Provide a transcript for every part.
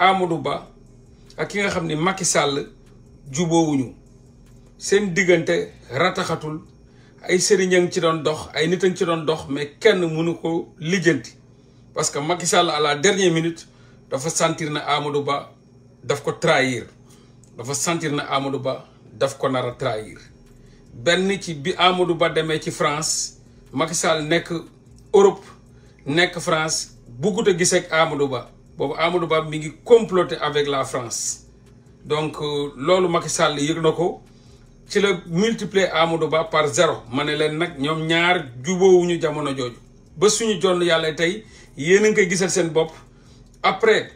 Amadou Ba ak ki nga xam ni Macky Sall juboowuñu seen diggante rataxatul ay sëriñ a ngi ci doon dox ay nit a ci doon dox mais kenn mënu ko lijjanti parce que Macky Sall à la dernière minute dafa sentir na Amadou Ba daf ko trahir dafa sentir na Amadou Ba daf ko nara a trahir benn ci bi Amadou Ba demee ci France Macky Sall nekk Europe nekk France buggut a gis ak Amadou Ba boobu Amadou Ba mi ngi comploter avec la France donc euh, loolu Macky Sall yëg ci le multiplier Amadou Ba par zéro ma ne leen nag ñoom ñaar jubóowuñu jamono jooju ba suñu jonn yalla tay yéen ngi koy gisal après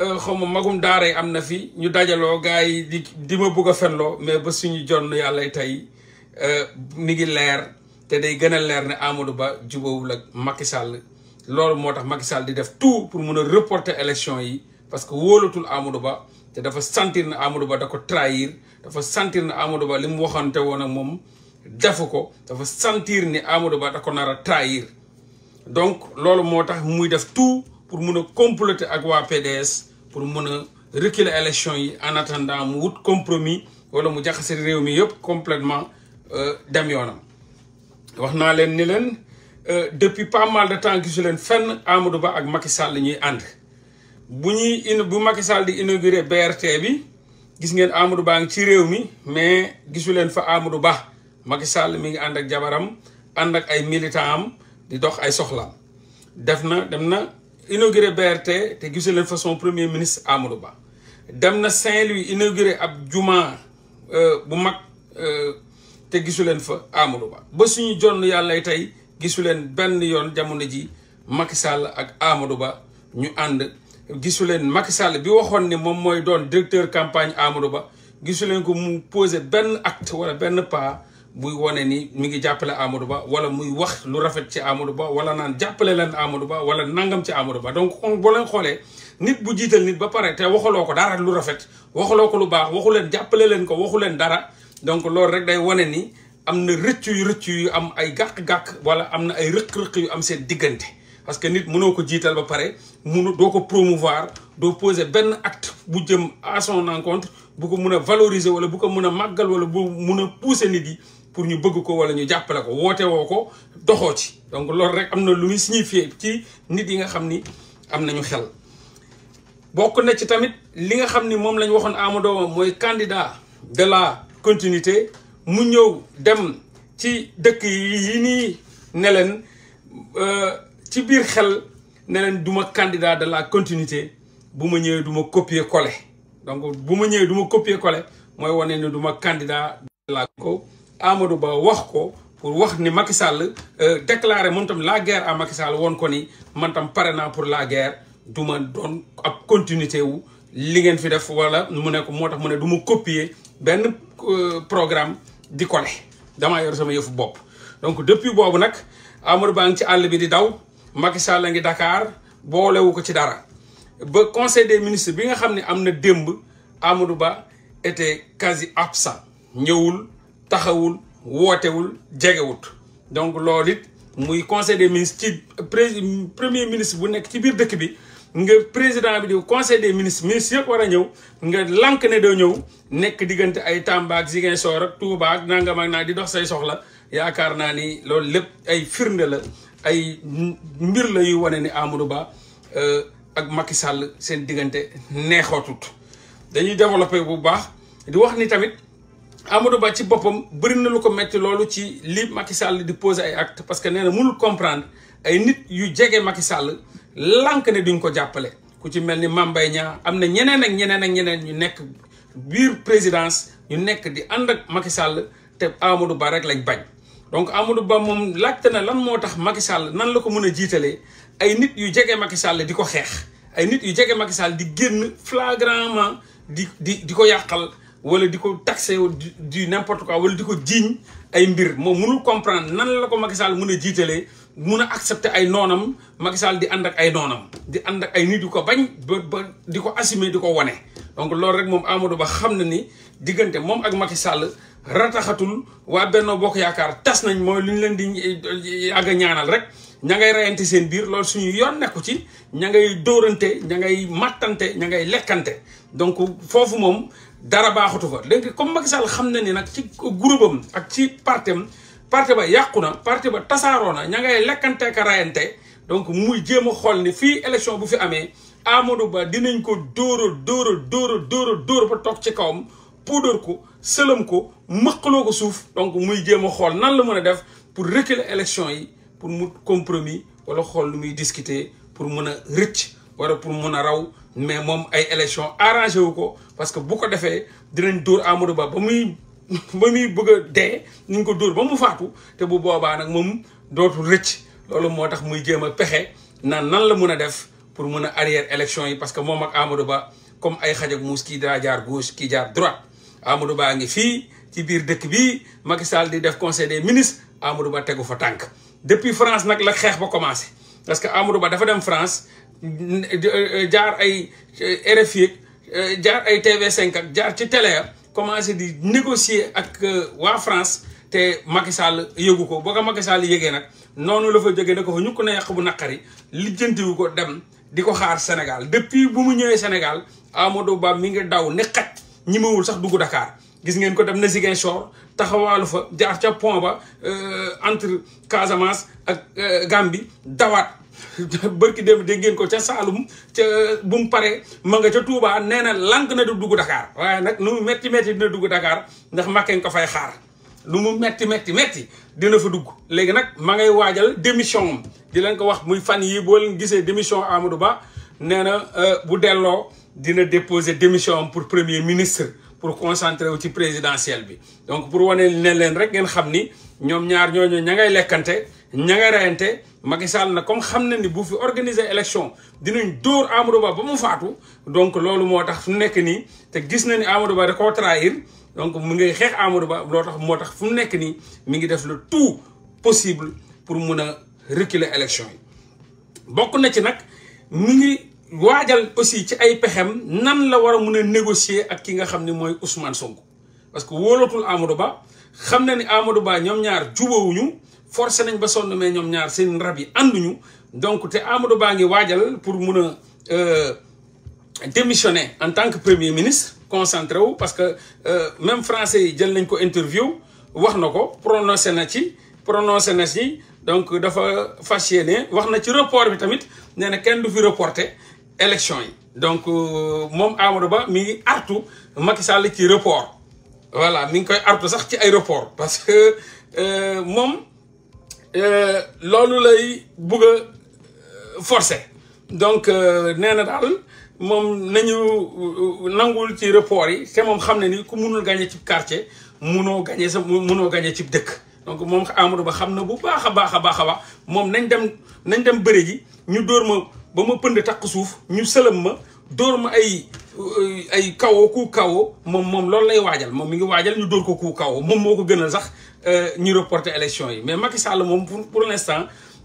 euh, xaw magum daara yi am fi ñu dajalo gaay di ma mais ba suñu jonn tay euh mi ngi leer té day gën a né ne Amadou Ba jubóowul ak Macky Sall loolu moo tax Macky Sall di def tout pour mun a reporter élection yi parce que wóolatul Amadou Ba te dafa sentir na Amadou Ba da ko trahir dafa sentir na Amadou Ba li mu waxante woon ak moom defu ko dafa sentir ni Amadou Ba da ko nar a trahir donc loolu moo tax muy def tout pour mun a completé ak waa PDS pour mun a reculer élection yi en attendant mu wut compromis wala mu jaxase réew mi yëpp complètement euh, dem yoonam wax naa leen ni leen Euh, depuis pas mal de temps gisu fenn Amadou Ba ak Macky Sall ñuy ànd bu ñuy in bu Macky Sall di inauguré BRT bi gis ngeen Amadou Ba ngi ci réew mi mais gisu leen fa Amadou Ba Macky Sall mi ngi ànd ak jabaram ànd ak ay militant am di dox ay soxlaam def na dem na inauguré BRT te gisu leen fa son premier ministre Amadou Ba dem na Saint-Louis inauguré ab juma euh, bu mag euh, te gisuleen fa Amadou Ba ba suñu jonn yàlla tey gisu leen benn yoon jamono ji Macky Sall ak Amadou Ba ñu ànd gisu leen Macky Sall bi waxoon ni moom mooy doon directeur campagne Amadou Ba gisuleen ko mu poser benn acte wala benn pas buy wone ni mu ngi jàppale Amadou Ba wala muy wax lu rafet ci Amadou Ba wala naan jàppale leen Amadou Ba wala nangam ci Amadou Ba donc on boo leen xoolee nit bu jiital nit ba pare te waxaloo ko dara lu rafet waxaloo ko lu baax waxu leen jàppale leen ko waxu leen dara donc loolu rek day wone ni amna na rëcc yu rëcc yu am ay gàkk-gàkk wala amna ay rëq-rëq yu am seen diggante parce que nit mënoo ko jiital ba pare munu doo ko promouvoir doo poser benn acte bu jëm à son encontre bu ko mun a valoriser wala bu ko mun a màggal wala bu mun a pousser nit yi pour ñu bëgg ko wala ñu jàppale ko woote woo ko doxoo ci donc loolu rek am na lu muy signifier ci nit yi nga xam ni am nañu xel bokk na ci tamit li nga xam ni moom la ñu waxoon Amadou mooy candidat de la continuité mu ñëw dem ci dëkk yi nii ne leen euh, ci biir xel ne leen du ma candidat de la continuité bu ma ñëwee du ma copier coller donc bu ma ñëwee du ma copier coller mooy wane ne du ma candidat de ko Amadou Ba wax ko pour wax ni Macky Sall euh, déclaré man tam la guerre à Macky Sall woon ko ni mantam pare naa pour la guerre du ma doon ab continuité wu li ngeen fi def wala mu ne ko moo tax mu ne du ma copier benn euh, programme di kole damaa yor sama yëfu bopp donc depuis boobu nag Amadou Ba ngi ci àll bi di daw Macky Sall ngi dakaar boolewu ko ci dara ba conseil des ministres bi nga xam ne am na démb Amadou Ba était quasi absent ñëwul taxawul wootewul jegewut donc loolu it muy conseil des ministres ci premier ministre bu nekk ci biir dëkk bi nga président bi di conseil des ministres ministres yëpp war a ñëw nga lànk ne doo ñëw nekk diggante ay tàmbaak ak Ziguinchor ak Touba ak nangam naa di dox say soxla yaakaar naa ni loolu lépp ay firnde la ay mbir la yu wane ni Amadou Ba euh, ak Macky sàll seen diggante neexootut dañuy développé bu baax di wax ni tamit Amadou Ba ci boppam bëri na lu ko metti loolu ci li Macky Sall di poser ay act parce que nee na mënul comprendre ay nit yu jege Macky sàll lànk ne duñ ko jàppale ku ci mel ni Mame Mbaye Niang am na ñeneen ak ñeneen ak ñeneen ñu nekk biir présidence ñu nekk di ànd ak Macky Sall te Amadou Ba rek lañ bañ donc Amadou Ba moom laajte na lan moo tax Macky Sall nan la ko mën a jiitalee ay nit yu jege Macky Sall di ko xeex ay nit yu jege Macky Sall di génn flagramment di di di ko yàqal wala di ko taxé du n'importe quoi wala di ko jiiñ ay mbir moom mënul comprendre nan la ko Macky Sall mën a jiitalee mun a accepter ay noonam Macky Sall di ànd ak ay noonam di ànd ak ay nit yu ko bañ ba ba di ko assumer di ko wane donc loolu rek moom Amadou Ba xam na ni diggante moom ak Macky Sall rataxatul waa Benno Bokk Yaakaar tas nañ mooy lu ñu leen di eh, yàgg a ñaanal rek ña ngay reyante seen biir loolu suñu yoon nekku ci ña ngay dóorante ña ngay màttante ña ngay lekkante donc foofu moom dara baaxatu fa léegi comme Macky Sall xam na ni nag ci groupe am ak ci partem parti ba yàqu na parti ba tasaaroo na ña ngay lekkante ka rayante donc muy jéem a xool ni fii élection bu fi amee Amadou Ba dinañ ko dóoral dóoral dóora dóora dóor ba toog ci kawam puudar ko sëlam ko mëqaloo ko suuf donc muy jéem a xool nan la mën a def pour reculer élection yi pour mu compromis wala xool lu muy discuter pour mën a rëcc wala pour mën a raw mais moom ay élection arrangé wu ko parce que bu ko defee dinañ dóor Amadou Ba ba muy ba muy bëgg a dee ñu ko dóor ba mu faatu te bu boobaa nag moom dootul rëcc loolu moo tax muy jéem a pexe nan nan la mun a def pour mun a arrière élection yi parce que moom ak Amadou Ba comme ay xaj muus kii daa jaar gauche kii jaar droite Amadou Ba ngi fii ci biir dëkk bi Macky Sall di def conseil des ministres Amadou Ba tegu fa tànk depuis France nag la xeex ba commencé parce que Amadou Ba dafa dem France jaar ay euh, RFI euh, jaar ay TV5 jaar ci télé commencé di négocier ak euh, waa France te Macky Sall yëgu ko boo ko Macky Sall yëgee nag noonu la fa jógee da ko fa ñu ko na yàq bu naqari lijjantiwu ko dem di ko xaar Sénégal depuis bu mu ñëwee Sénégal Amadou Ba mi ngi daw ne xaj ñi sax duggu dakaar gis ngeen ko dem na Ziguinchor taxawaalu fa jaar ca pont ba euh, entre Casamance ak euh, Gambie dawaat bërki dem dégg ngeen ko ca Saalum ca bu mu paree ma nga ca Touba nee na lànk na du dugg dakaar waaye nag nu mu metti metti dina dugg dakaar ndax Macky nga ko fay xaar lu mu metti metti metti dina fa dugg léegi nag ma ngay waajal démission am di leen ko wax muy fan yii boo leen gisee démission Amadou Ba nee na euh, bu delloo dina déposer démission am pour premier ministre pour concentrer wu ci présidentielle bi donc pour wane ne leen rek ngeen xam ni ñoom ñaar ñooñu ña ngay lekkante ña nga reyante Macky na comme xam na ni bu fi organiser élection dinañ dóor Amadou Ba ba mu faatu donc loolu moo tax fu mu nekk nii te gis na ni Amadou Ba da donc mu ngay xeex Amadou Ba loo tax moo tax fu mu nekk nii mi ngi def la tout possible pour mun a reculer élection yi bokk na ci nag mu ngi waajal aussi ci ay pexem nan la war a mun a négocier ak ki nga xam ni mooy Ousmane Sonko parce que wóolatul Amadou Ba xam na ni Amadou Ba ñoom ñaar jubawuñu forcé nañ ba son mais ñom ñaar seen rab yi ànduñu donc té Amadou Bangi wadjal pour mëna euh démissionner en tant que premier ministre concentré wu parce que euh, même français yi jël nañ ko interview wax nako prononcer na ci prononcer na ci donc dafa fas yéene wax na ci report bi tamit nee na kenn du fi reporter élection yi donc euh, mom Amadou Ba mi ngi artu Macky Sall ci report voilà mi ngi koy artu sax ci ay report parce que euh, mom Euh, loolu lay bugg a euh, forcer donc euh, nee na daal moom nañu nangul ci report yi te moom xam ne ni ku munul gañee ci quartier munoo gagné sa munoo gañee cib dëkk. donc moom Amadou Ba xam na bu baax a baax a baax a baax moom nañ dem nañ dem bëre ji ñu dóor ma ba ma pënd takk suuf ñu sëlëm ma dóor ma ay ay kawoo ku kawoo moom moom loolu lay waajal moom mi ngi waajal ñu dóor ko ku kawoo moom moo ko gënal sax. Euh, ñu reporter élection yi mais Macky Sall moom pour pour l'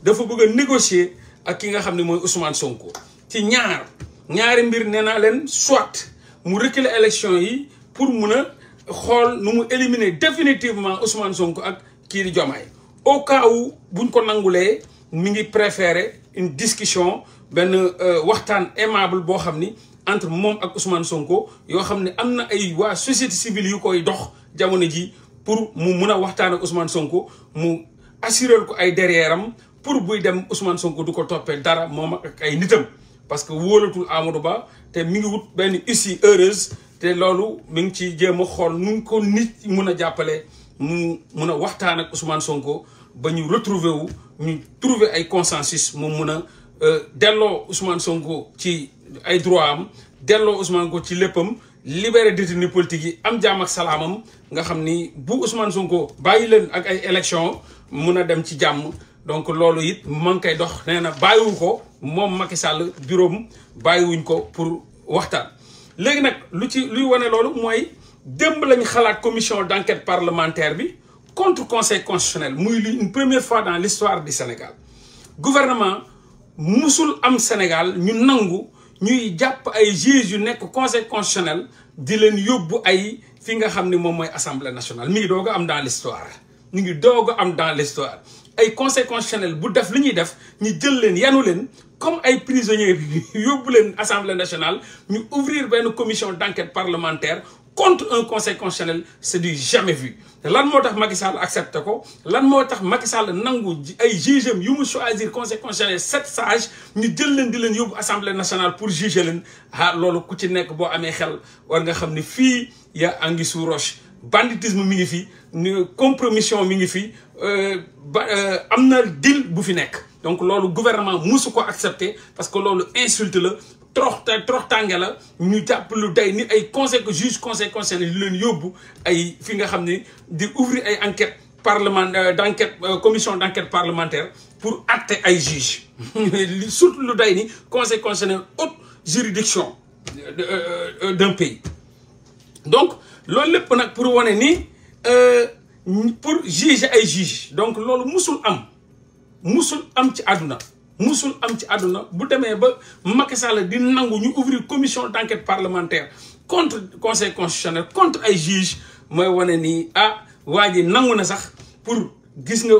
dafa bëgg a négocier ak ki nga xam ne mooy Ousmane Sonko. ci ñaar ñaari mbir nee naa leen soit mu reculer élection yi pour mun a xool nu mu éliminer définitivement Ousmane Sonko ak kii di Diomaye au cas buñ ko nangulee mi ngi préférer une discussion benn euh, waxtaan aimable boo xam ni. entre moom ak Ousmane Sonko yoo xam ne am na ay waa société civile yu koy dox jamono ji pour mu meuna waxtaan ak Ousmane Sonko mu assurer ko ay derrièream pour buy dem Ousmane Sonko duko topé dara mom ak ay nitam parce que wolatul Amadou Ba té mi ngi wut ben ici heureuse té lolu mi ngi ci xol ko nit meuna jappalé mu meuna waxtaan ak Ousmane Sonko ba ñu retrouver wu ñu trouver ay consensus mu meuna euh dello Ousmane Sonko ci ay droit am Ousmane Sonko ci leppam libéré détenu politique yi am jàmm ak salaamam nga xam ni bu Ousmane Sonko bàyyi leen ak ay élection mun a dem ci jàmm donc loolu it man ngi koy dox nee na bàyyiwu ko moom Macky sàll bureau am bàyyiwuñ ko pour waxtaan. léegi nag lu ci luy wane loolu mooy démb lañ xalaat commission d' enquête parlementaire bi contre conseil constitutionnel muy li une première fois dans l'histoire du Sénégal gouvernement musul am Sénégal ñu nangu. ñuy jàpp ay juges yu nekk conseil constitutionnel di leen yobbu ay fi nga xamni mom moy assemblée nationale mi ngi a am dans l'histoire ñu ngi doog am dans l'histoire ay conseil constitutionnel bu def li ñuy def ñu jël leen yanu leen comme ay prisonniers yobbu leen assemblée nationale ñu ouvrir ben commission d'enquête parlementaire contre un conseil constitutionnel c'est du jamais vu lan moo tax Macky Sall accepté ko lan moo tax Macky Sall nangou ay jugeem yu choisir conseil constitutionnel sept sages ñu jël leen di leen yob assemblée nationale pour juger leen Ha ah, loolu ku ci nek bo amé xel war nga xamni fi ya anguille sou roche banditisme mi ngi fi ni compromission mi ngi fi euh, euh amna na deal bu fi nek donc loolu gouvernement musu ko accepter parce que loolu insulte le troxta troxtànge la ñu japp lu tey ni ay conseil que juge conseil concerné di leen yobbu ay fi nga xam di ouvrir ay enquête parlement euh, d'enquête euh, commission d'enquête parlementaire pour acter ay juge surtout lu tey ni conseil concerné haute juridiction euh, d'un pays donc loolu lépp pour wane ni pour juger ay juge donc loolu musul am musul am ci musul am ci aduna bu démé ba Macky Sall di nangou ñu ouvrir commission d'enquête parlementaire contre conseil constitutionnel contre ay juges. moy wane ni ah waji ji na sax pour gis nga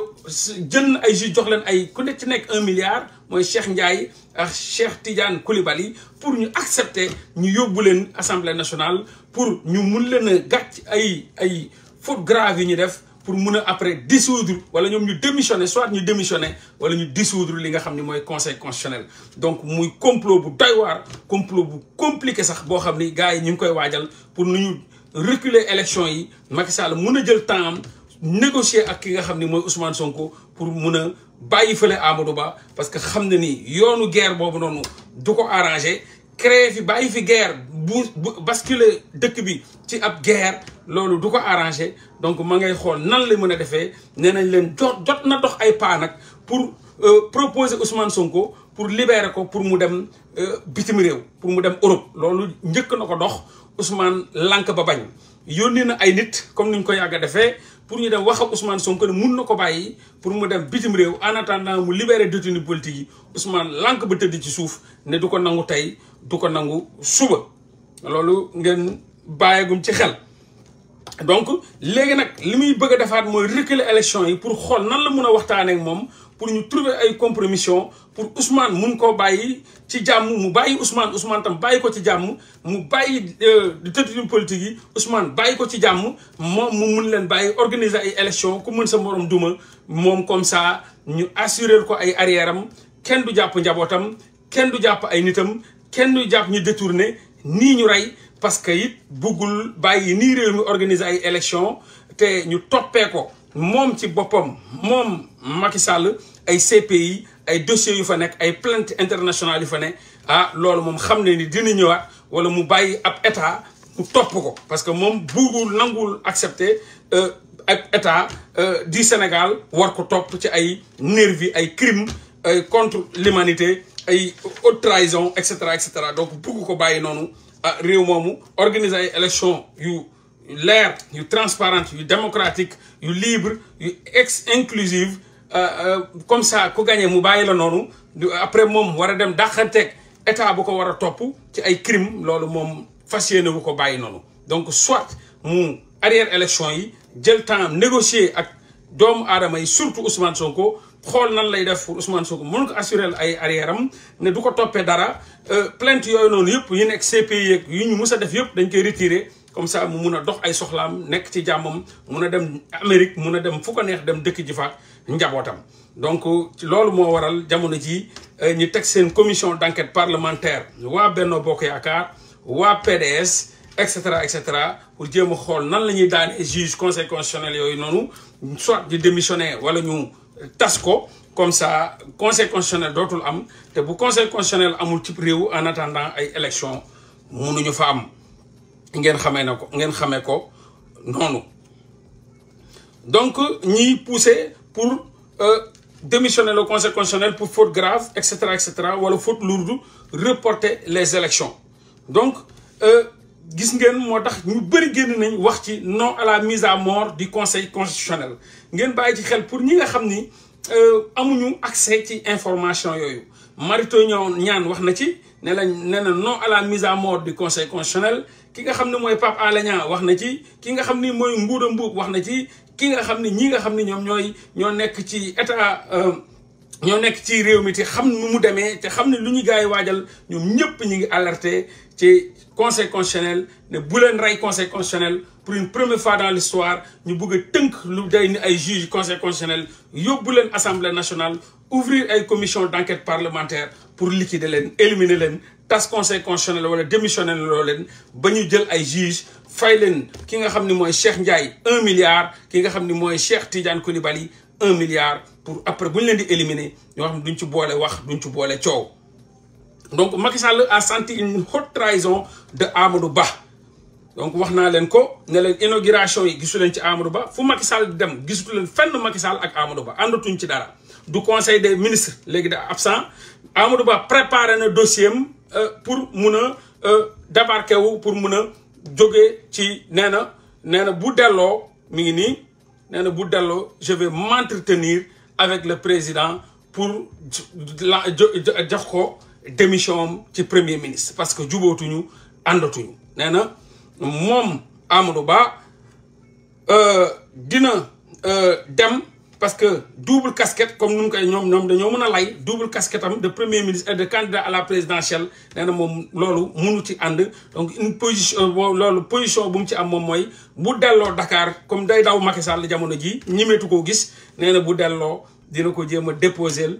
jël ay juge jox leen ay ku nekk ci nek un milliard moy Cheikh Ndiaye ak Cheikh Tidiane Koulibaly pour ñu accepter ñu yobulen assemblée nationale pour ñu mën leen gatch ay ay faute grave yi ñu def pour mun après dissoudre wala nous nous démissionner soit nous démissionner wala nous dissoudre li nga xam ni conseil constitutionnel donc muy complot bu doy complot bu compliqué sax boo xam ni gars nous ñu ngi koy pour nous reculer élection yi Macky Sall le mener jël temps négocier ak ki nga xam Ousmane Sonko pour mun a bàyyi fële Amadou parce que xam na ni yoonu guerre boobu noonu du arranger arrangé créer fi bàyyi fi guerre. bu bu basculer dëkk bi ci ab guerre loolu du ko arrangé donc ma ngay xool nan la mën a defee nee nañ leen jot jot na dox ay pas nag pour euh, proposer Ousmane Sonko pour libérer ko pour mu dem euh, bitim réew pour mu dem Europe loolu njëkk na ko dox Ousmane lànk ba bañ yónnee na ay nit comme ni ñu ko yàgg defee pour ñu dem wax ak Ousmane Sonko ne mun na ko bàyyi pour mu dem bitim réew en attendant mu libéré détenu politique yi Ousmane lànk ba tëdd ci suuf ne du ko nangu tey du ko nangu suba. loolu ngeen bàyyegum ci xel donc léegi nag li muy bëgg a defaat mooy reculer élection yi pour xool nan la mun a waxtaaneek moom pour ñu trouver ay compromission pour Ousmane mun koo bàyyi ci jàmm mu bàyyi Ousmane Ousmane tam bàyyi ko ci jàmm mu bàyyi euh, tëddinu politique yi Ousmane bàyyi ko ci jàmm moom mu mun leen bàyyi organiser ay élection ku mën sa morom duma moom comme ça ñu assurer ko ay arrière kenn du jàpp njabootam kenn du jàpp ay nitam kenn du jàpp ñu détourné ni ñu parce que it buggul bàyyi ni réew mi organiser ay élection te ñu topé ko mom ci mom Macky CPI ay dossiers yu fa nek ay plainte internationale yu fa ah lolu mom xamné ni dina parce que mom buggul nangul accepter euh, ab euh, du Sénégal war ko ci nervi euh, contre l'humanité haute trahison etc., etc. donc beaucoup ko gens à rio moomu organiser une élection l'air, transparente démocratique libre ex inclusive ah, ah, comme ça ku gagner mobile bàyyi la après mon waradem a dem dàqanteeg état bu ko a crime loolu moom facile yéene vous ko bàyyi donc soit mon arrière élection yi le temps négocier ak dom surtout Ousmane Sonko xool nan lay def pour Ousmane Sonko mun ko assuré ay arrière am ne du ko toppee dara euh, plainte yooyu noonu yëpp yu nekk CPI yeeg yi ñu mus a def yëpp dañ koy retiré comme sax mu mun a dox ay soxlaam nekk ci jàmmam mun a dem Amérique mun a dem fu neex dem dëkk ji faak njabootam. donc loolu moo waral jamono ji euh, ñu teg seen commission d' enquête parlementaire waa Benno Bokk Yaakaar waa PDS et cetera et cetera pour jéem a xool nan la ñuy daane juge conseil constitutionnel yooyu noonu soit ñu démissionné wala ñu. tasco comme ça conseil constitutionnel d'autres am te bu conseil constitutionnel amul multiplié en attendant ay élection ñu fa am ngeen xamé nako ngeen xamé ko donc ñi pousser pour euh, démissionner le conseil constitutionnel pour faute grave etc etc pour faute lourde reporter les élections donc euh, gis ngeen motax ñu bari genn nañ wax ci non à la mise à mort du conseil constitutionnel ngeen bàyyi ci xel pour ñi nga xamni euh amuñu accès ci information yooyu marito ñoo ñaan wax na ci né lañ né na non à la mise à mort du conseil constitutionnel ki nga xamni moy Pape Alé wax na ci ki nga xamni moy mooy mbouk wax na ci ki nga xamni ñi nga xamni ñom ñoy ño nek ci état euh, ño nek ci réew mi te xam nu mu démé te xam ne lu ñu gars yi waajal ñoom ñëpp ñi ngi alerté ci conseil constitutionnel ne boulen ray conseil constitutionnel pour une première fois dans l'histoire ñu bëgg a tënk lu ni ay juge conseil constitutionnel yóbbu assemblée nationale ouvrir ay commission d'enquête parlementaire pour liquider l'en, éliminer l'en, tas conseil constitutionnel wala démissionner loo len ba jël ay juge fay l'en, ki nga xam ni Cheikh Ndiaye un milliard ki nga xam ni Cheikh Tidiane Konibali un milliard pour après boulen l'en di éliminer nous xam duñ ci boole wax duñ ci boole coow donc Macky Sall a senti une haute trahison de Amadou Ba donc wax naa leen ko ne len inauguration yi gisu len ci Amadou Ba fu Macky Sall dem gisutu len fenn Macky Sall ak Amadou Ba àndatuñ ci dara du conseil des ministres léegi da absent Amadou Ba préparé na dossier euh, pour mun euh, débarquer wu pour mun a ci néna néna bu dello mi ngi bu dello je vais m'entretenir avec le président pour la jox ko démission am ci premier ministre parce que jubootuñu àndatuñu nee na moom Amadou Ba euh, dina euh, dem parce que double casquette comme nu mu koy ñoom ñoom dañoo mën a lay double casquette am de premier ministre et euh, de candidat à la présidentielle nee moom loolu mënu ci ànd donc une position loolu position bu mu ci am moom mooy bu delloo dakaar comme day daw Macky Sall jamono ji ñimeetu koo gis nee na bu delloo dina ko jéem a déposer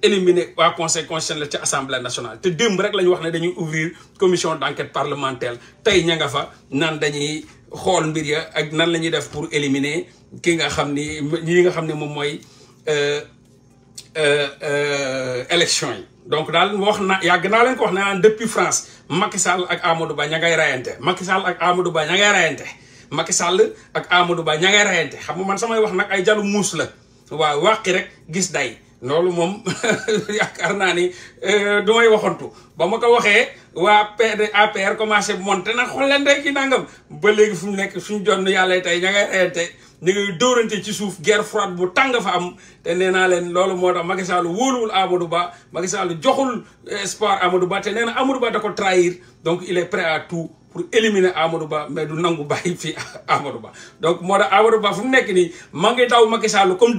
éliminer waa conseil constitutionnel ci assemblée nationale te démb rek la ñu wax ne dañuy ouvrir commission d' enquête parlementaire tey ña nga fa nan dañuy xool mbir ya ak nan la ñuy def pour éliminer ki nga xam ni ñi nga xam ne moom mooy euh, euh, euh, élection yi. donc daal wax na yàgg naa leen ko wax ne naan depuis France Macky Sall ak Amadou Ba ngay rayante Macky Sall ak Amadou Ba ña ngay rayante Macky Sall ak Amadou Ba ña ngay rayante xam nga man samay wax nag ay jalu muus la waa wàqi rek gis day. loolu moom yaakaar naa ni euh, du may waxantu ba ma ko waxee waa PD APR commencé monté na xool leen day ki nangam ba léegi fu mu nekk fu jonn yàlla tey ña ngay reyante ñu ngi dóorante ci suuf guerre froide bu tàng fa am te nee naa leen loolu moo tax Macky Sall wóoluwul Amadou Ba Macky Sall spoir espoir Amadou Ba te nee na Amadou Ba da ko trahir donc il est prêt à tout pour éliminer Amadou Ba mais du nangu bàyyi fii Amadou Ba donc moo tax Amadou Ba fu mu nekk nii ma ngi daw Macky Sall comme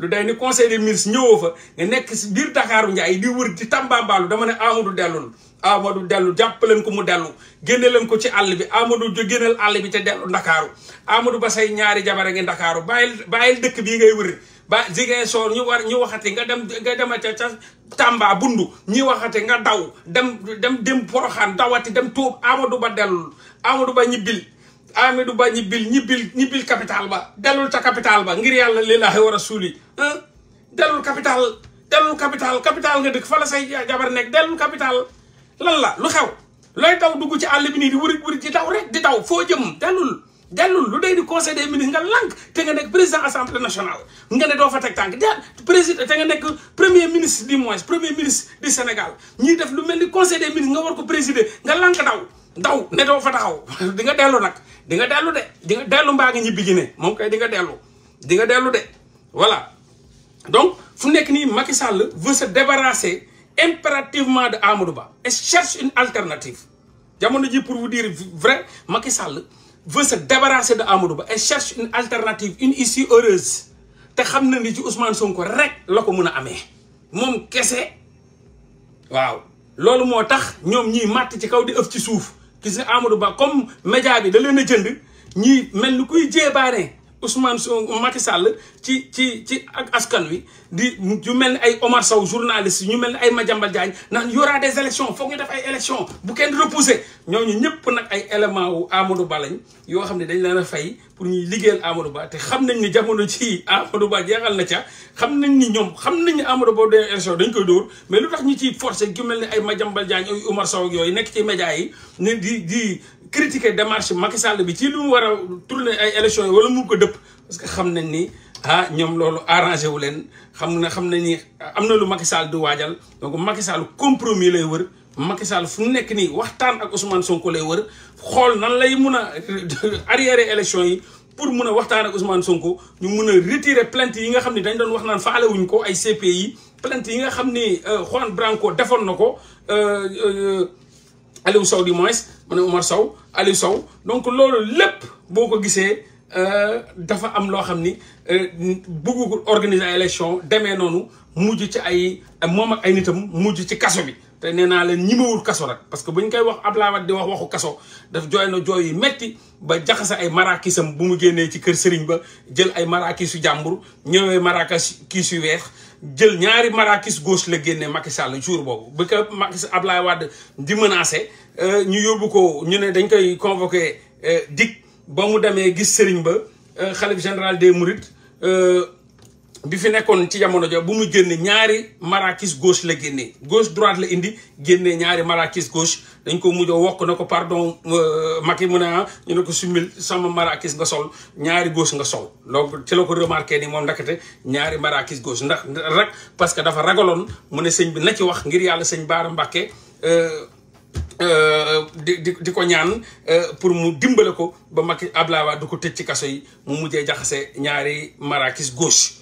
lu day ni conseil des ministres ñëwoo fa nga nekk si biir Dakaaru Njaay di wër di tàmbaambaalu dama ne Amadou dellul Amadou dellu jàppaleen ko mu dellu génne leen ko ci àll bi Amadou jo génneel àll bi te dellu Ndakaaru Amadou ba say ñaari jabare ngi Ndakaaru bàyyil bàyyil dëkk bii ngay wër ba Ziguinchor ñu war ñu waxate nga dem nga dema ca ca Tamba Bundu ñi waxate nga daw dem dem dem Poroxaan dawati dem tuub Amadou ba dellul Amadou ba ñibbil ame Amidou Ba ñibbil ñibbil ñibbil capital ba delul ta capital ba ngir yàlla lee war a rasuuli delul capital delul capital capital nga dëkk fa la say jabar nekk delul capital lan la lu xew looy daw dugg ci àll bi nii di wurit wurit ci daw rek di daw foo jëm delul dellul lu day di conseil des ministres nga lànk te nga nekk président assemblée nationale nga ne doo fa teg tànk de président te nga nekk premier ministre du moins premier ministre du Sénégal ñuy def lu mel ni conseil des nga war ko présider nga lànk daw daw ne doo fa taxaw di nga delu nak di nga dellu de di nga delu mbaa ngi ñibbi gi ne mom kay di nga delu di nga delu de voilà donc fu nek ni Macky Sall veut se débarrasser impérativement de Amadou Ba et cherche une alternative jamono ji pour vous dire vrai Macky Sall veut se débarrasser de Amadou Ba et cherche une alternative une issue heureuse te xamna ni ci Ousmane Sonko rek lako mëna amé mom kessé waaw loolu motax ñom ñi ñiy ci kaw di ëf ci souf gis nga Amadou Ba comme média bi da leen a jënd ñi mel ni kuy jéebaane Ousmane Macky Sall ci ci ci ak askan wi di ñu mel ni ay Omar Sow journaliste ñu mel ni ay Madiambal Diagne naan y aura des élections foog ñu def ay élections bu kenn repoussé ñooñu ñëpp nag ay éléments wu Amadou Ba lañ yoo xam ne dañ leen a fay pour ñuy liggéeyal Amadou Ba te xam nañ ni jamono ci Amadou Ba jeexal na ca xam nañ ni ñoom xam nañ ni Amadou Ba des élections dañ koy dóor mais lu tax ñu ciy forcé ñu mel ni ay Madiambal Diagne ay Omar Sow ak yooyu nekk ci médias yi ne di di. critiquer démarche Macky Sall bi ci li war a tourner ay élections yi wala mu ko dëpp parce que xam nañ ni ah ñoom loolu arrangé wu leen xam na xam nañ ni am na lu Macky du waajal donc Macky Sall compromis lay wër Macky Sall fu nekk nii waxtaan ak Ousmane Sonko lay wër xool nan lay mun a arriéré élections yi pour mun a waxtaan ak Ousmane Sonko ñu mun a retirer plant yi nga xam ne dañ doon wax naan faalewuñ ko ay yi plainte yi nga xam ni euh, Juan Branco defoon na ko euh, euh, Aliou Sow du moins mu ne Umar Sow Aliou Sow donc loolu lépp boo ko gisee euh, dafa am loo xam ni euh, bëggul organiser ay élection demee noonu mujj ci ay moom ak ay nitam mujj ci kaso bi te nee naa leen ñimewul kaso rek parce que bu ñu koy wax Abdoulaye Wade di wax waxu kaso daf jooy na jooy yi metti ba jaxase ay maraakisam bu mu génnee ci kër sëriñ ba jël ay maraakisu jàmbur ñëwee maraakisu weex jël ñaari marakis gauche la génne Macky Sall jour boobu bu ko Macky Ablaye Wade di menacé euh, ñu yóbbu ko ñu ne dañ koy convoqué euh, dik ba mu demee gis sëriñ ba euh, xalif général des Mourides bi fi nekkoon ci jamono jo bu mu génnee ñaari marakis gauche la génnee gauche droite la indi génne ñaari marakis gauche dañ ko mujj wokk na ko pardon euh, mag yi ne a ah, ñu ne ko summil sama marakis nga sol ñaari gauche nga sol donc ci la ko remarqué ni moom ndakate ñaari marakis gauche ndax rek parce que dafa ragaloon mu ne sëñ bi na ci wax ngir yàlla sëñ Baara Mbàkke euh, euh, di di di ko ñaan pour mu dimbale ko ba mag Abdoulaye Wade du ko tëj ci kaso yi mu mujjee jaxase ñaari marakis gauche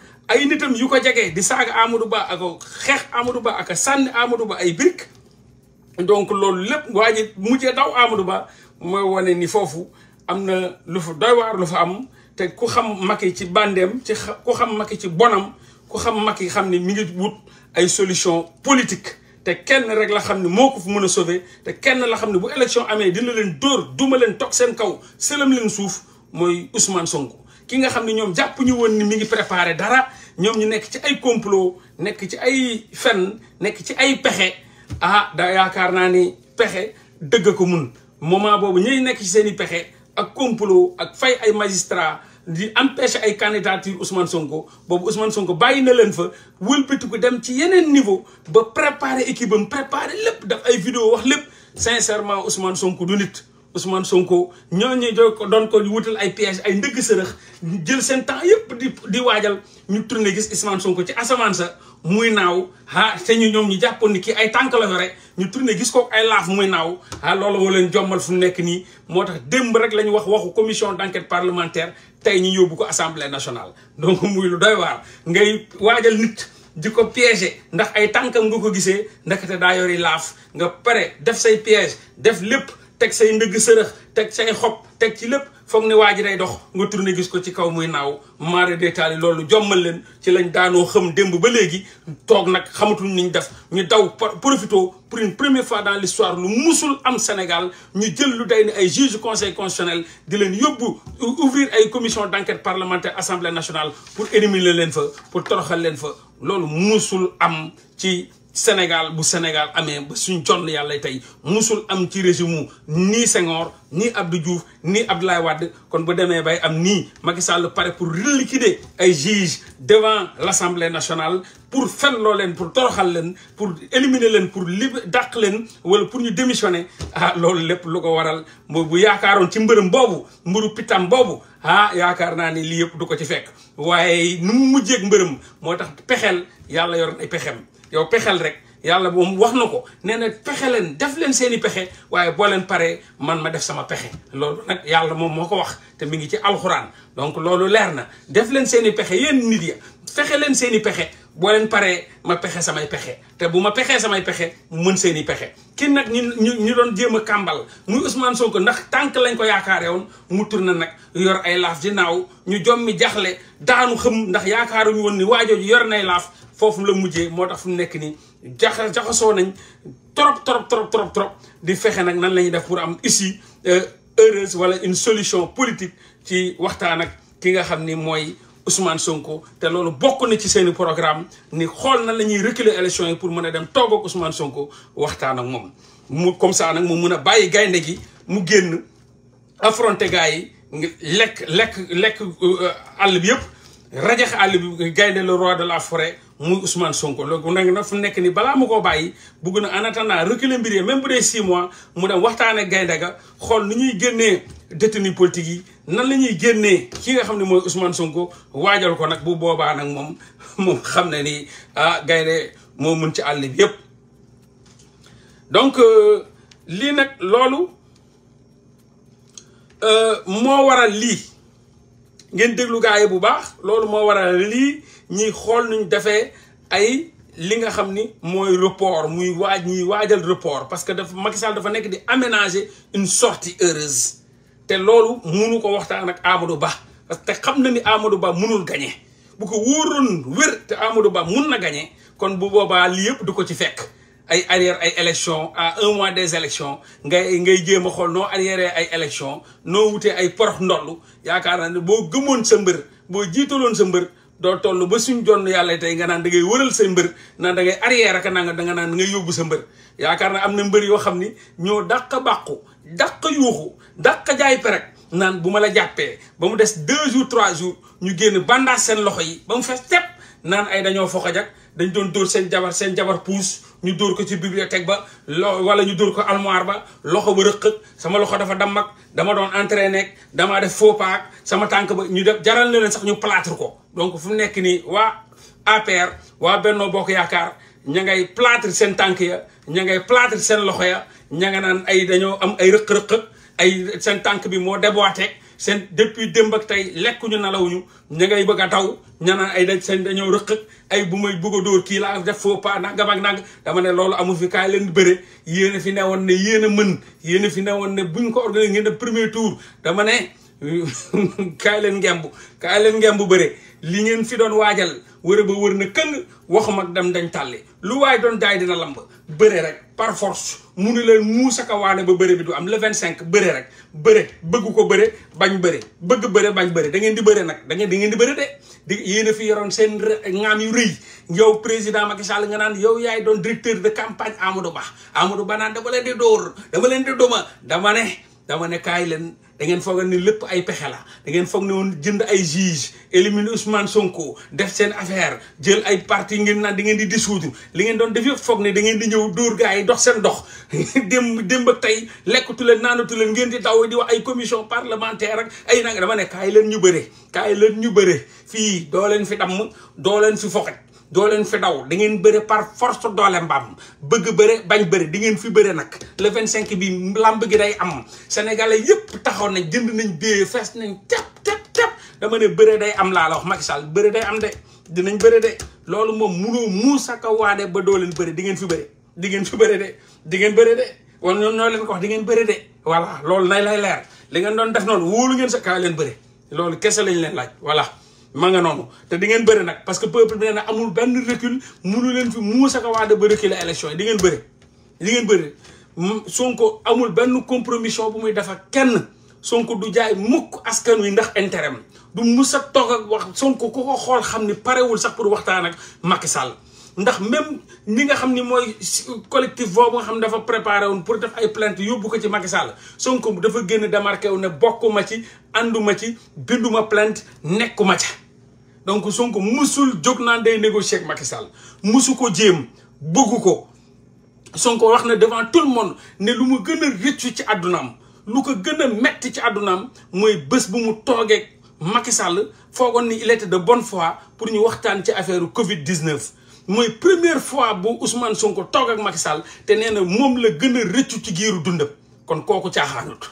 ay nitam yu ko jege di saaga Amadou Ba ako xeex Amadou Ba ak sànni Amadou Ba ay briques donc loolu lépp waa ji mujjee daw Amadou Ba mooy wane nii foofu am na lu fa doy waar lu fa am te ku xam Macky ci bandeem ci ku xam Macky ci bonam ku xam Macky xam ni mi ngi ay solution politique te kenn rek la xam ne moo ko fu mën a sauver te kenn la xam ne bu élection amee dina leen dóor duma leen toog seen kaw sëlam leen suuf mooy Ousmane Sonko ki nga xam ne ñoom jàpp ñu woon ni mi ngi préparer dara ñoom ñu nekk ci ay complot nekk ci ay fen nekk ci ay pexe ah da yaakaar naa ni pexe dëgg ko mun moment boobu ñuy nekk ci seen i pexe ak complot ak fay ay magistrat di empêcher ay candidature Ousmane Sonko boobu Ousmane Sonko bàyyi na leen fa ko dem ci yeneen niveau ba préparer équipe am lépp daf ay video wax lépp sincèrement Ousmane Sonko du nit Ousmane Sonko ñoo doon ko doon ko wutal ay piège ay ndëgg sërëx jël seen temps yëpp di di waajal ñu tourné gis Ousmane Sonko ci asamaan sa muy naaw ah te ñoom ñu jàppoon ni ki ay tànk la yore ñu tourné gis ko ay laaf muy naaw ah loolu moo leen jommal fu nekk nii moo tax démb rek la ñu wax waxu commission d'enquête parlementaire tey ñu yóbbu ko assemblée nationale. donc muy lu doy waar ngay waajal nit. di ko piéger ndax ay tànkam nga ko gisee ndaxte daa yori laaf nga pare def say piège def lépp teg say ndëgg sërëx teg say xob teg ci lépp foog ne waa ji day dox nga tourné gis ko ci kaw muy naaw maare détaali loolu jommal leen ci lañ daanoo xam démb ba léegi toog nag xamatuñ niñ def ñu daw profito pour une première fois dans l'histoire lu musul am Sénégal ñu jël lu day ne ay juge conseil constitutionnel di leen yóbbu ouvrir ay commission d'enquête parlementaire assemblée nationale pour éliminer leen fa pour toroxal leen fa loolu musul am ci Sénégal bu Sénégal amee ba suñ jonn yàlla tey musul am ci régime mu nii Senghor nii Abdou Diouf nii Abdoulaye Wade kon bu demee bay am nii Macky Sall pare pour liquider ay juges devant l'Assemblée nationale pour fenloo leen pour toroxal leen pour éliminer leen pour lib dàq leen wala pour ñu démissionner ah loolu lépp lu ko waral mooy bu yaakaaroon ci mbërëm boobu mbëru pitam boobu ah yaakaar naa ni lii yëpp du ko ci fekk waaye nu mu mujjeeg mbërëm moo tax pexeel yàlla yor ay pexem yow pexel rek yàlla moom wax na ko nee na pexe leen def leen seeni pexe waaye boo leen paree man ma def sama pexe loolu nag yàlla moom moo ko wax te mi ngi ci alxuraan donc loolu leer na def leen seen i pexe yéen nit ya fexe leen seen i pexe boo leen paree ma pexe samay pexe te bu ma pexee samay pexe mën seen i pexe kii nag ñu ñu ñu doon jéem a kàmbal muy Ousmane Sonko ndax tànk lañ ko yaakaare woon mu na nag yor ay laaf naaw ñu jommi jaxle daanu xëm ndax yaakaaruñu woon ni waajooju yor nay laaf foofu la mujjee moo tax fu mu nekk nii jaxa jaxasoo nañ trop trop trop trop trop di fexe nag nan la ñuy def pour am issue euh, heureuse wala une solution politique ci waxtaan ak ki nga xam ni mooy Ousmane Sonko te loolu bokk na ci seeni programme ni xool na la ñuy reculer élection yi pour mën a dem toog ak Sonko waxtaan ak moom. mu comme ça nag mu mun a bàyyi gaynde gi mu génn affronter gars yi lekk lekk lekk euh, àll bi yëpp rajax àll bi gaynde le roi de la forêt. muy Ousmane Sonko loolu nag na fu nekk nii balaa mu koo bàyyi bugg na en attendant reculer mbir yi même bu dee six mois mu dem waxtaane gaynde ga xool nu ñuy génnee détenu politique yi nan la ñuy génnee ki nga xam ne mooy usman Sonko waajal ko nag bu boobaa nag moom mu xam ne ni ah, gaynde moo mun ci àll bi yëpp. donc euh, lii nag loolu euh, moo waral lii. ngeen déglu gars yi bu baax loolu moo waral lii ñi xool nuñ defee ay li nga xam ni mooy report muy waaj ñuy waajal report parce que dafa Macky Sall dafa nekk di aménager une sorti heureuse te loolu munu ko waxtaan ak Amadou Ba parce xam na ni Amadou Ba munul gagné bu ko wóoroon wér te Amadou Ba mun na gañe kon bu boobaa lii yëpp du ko ci fekk. ay arrière ay élections à un mois des élections ngay ngay jéem a xool noo arrière ay élections noo wutee ay porox ndoll yaakaar naa ne boo gëmoon sa mbër boo jiitaloon sa mbër doo toll ba suñ jonn yàlla tey nga naan da ngay wëral sa mbër naan da ngay raka ak nanga da nga naan da ngay yóbbu sa mbër yaakaar naa am na mbër yoo xam ni ñoo daq bàqu daq yuuxu dàq jaay perek naan bu ma la jàppee ba mu des deux jour trois jours ñu génn bandaas seen loxo yi ba mu fees tepp nan ay dañoo foxoj jak dañ doon door seen jabar seen jabar pous ñu door ko ci bibliothèque ba lo wala ñu door ko almoire ba loxo ba rekk sama loxo dafa dam mak dama doon entraîner dama def faux pas sama tank ba ñu def jaral na leen sax ñu plâtre ko donc fu nekk ni wa APR wa Benno bok Yaakaar ña ngay plâtre seen tank ya ña ngay plâtre seen loxo ya ña nga nan ay dañoo am ay rekk rekk ay seen tank bi mo seen depuis démb ak tey lekkuñu nalawuñu ña ngay bëgg a daw ña naan ay daj seen dañoo rëq ay bu may bëgg a door kii laa def faux pas nangam ak nang dama ne loolu amu fi kaay leen bëre yéen a fi newoon ne yéen a mën yéen fi newoon ne buñ ko organisé ngeen def premier tour dama ne kaay leen ngemb kaay leen ngemb bëre li ngeen fi doon waajal wëre ba wër na këng waxum ak dem dañ tàlli lu waay doon jaay dina lamb bëre rek par force mu ni leen muusaka waane ba bëre bi du am la vingt cinq bëre rek bëre bëgg ko bëre bañ bëre bëgg bëre bañ bëre da ngeen di bëre nag da ngeen ngeen di bëre de di yéen a fi yoroon seen ngaam yu rëy yow président Macky Sall nga naan yow yaay doon directeur de campagne Amadou Ba Amadou Ba naan da leen di dóor dama leen di dóma dama ne dama ne kaay leen dangeen ngeen foog lépp ay pexe la ngeen foog ne woon jënd ay juge éliminer Ousmane Sonko def seen affaire jël ay parti ngeen naan di ngeen di dissoudre li ngeen doon def yëpp foog ne da ngeen di ñëw dóor gars yi dox seen dox démb démb tey lekkatu leen naanatu leen ngeen di daw di wax ay commission parlementaire ak ay nag dama ne kaay leen ñu bëre kaay leen ñu bëre fii doo leen fi damm doo leen fi foqet doo leen fi daw da ngeen bëre par force doole mbaam bëgg bëre bañ bëre di ngeen fi bëre nag le 25 bi lamb gi day am sénégalais yépp taxaw nañ jënd nañ béyee fees nañ tep tep tep dama ne bëre day am laa la wax Macky Sall bëre day am de dinañ bëre de loolu moom munoo muusaka waade ba doo leen bëre di ngeen fi bëre di ngeen fi bëre de di ngeen bëre de wala ñoom ñoo leen ko di ngeen bëre de voilà loolu nay lay leer li ngeen doon def noonu wóolu ngeen sa kaa leen bëre loolu kese lañ leen laaj voilà ma nga noonu te dingeen bëri nag parce que peuple bi nee amul benn recul munu leen fi muusa ko wax de ba reculer ngeen bëri di ngeen bëri Sonko amul benn compromission bu muy dafa kenn Sonko du jaay mukk askan wi ndax intérêt am du mus a toog ak wax Sonko ku ko xool xam ni parewul sax pour waxtaan ak Macky Sall ndax même li nga xam ni mooy collectif boobu nga xam ne dafa préparé woon pour def ay plainte yóbbu ko ci Macky Sall Sonko dafa génn démarqué wu ne bokkuma ci ànduma ci binduma plant nekkuma ci donc Sonko musul jóg naan day négocier ak Macky Sall musu ko jéem bëggu ko Sonko wax na devant tout le monde ne lu mu gën a rëccu ci àddunaam lu ko gën a metti ci àddunaam mooy bés bu mu toogee Macky Sall foogoon ni il de bonne fois pour ñu waxtaan ci affaire Covid 19. mooy première fois bu Ousmane Sonko toog ak Sall te nee na moom la gën a rëccu ci giiru dundam kon kooku caaxaanut.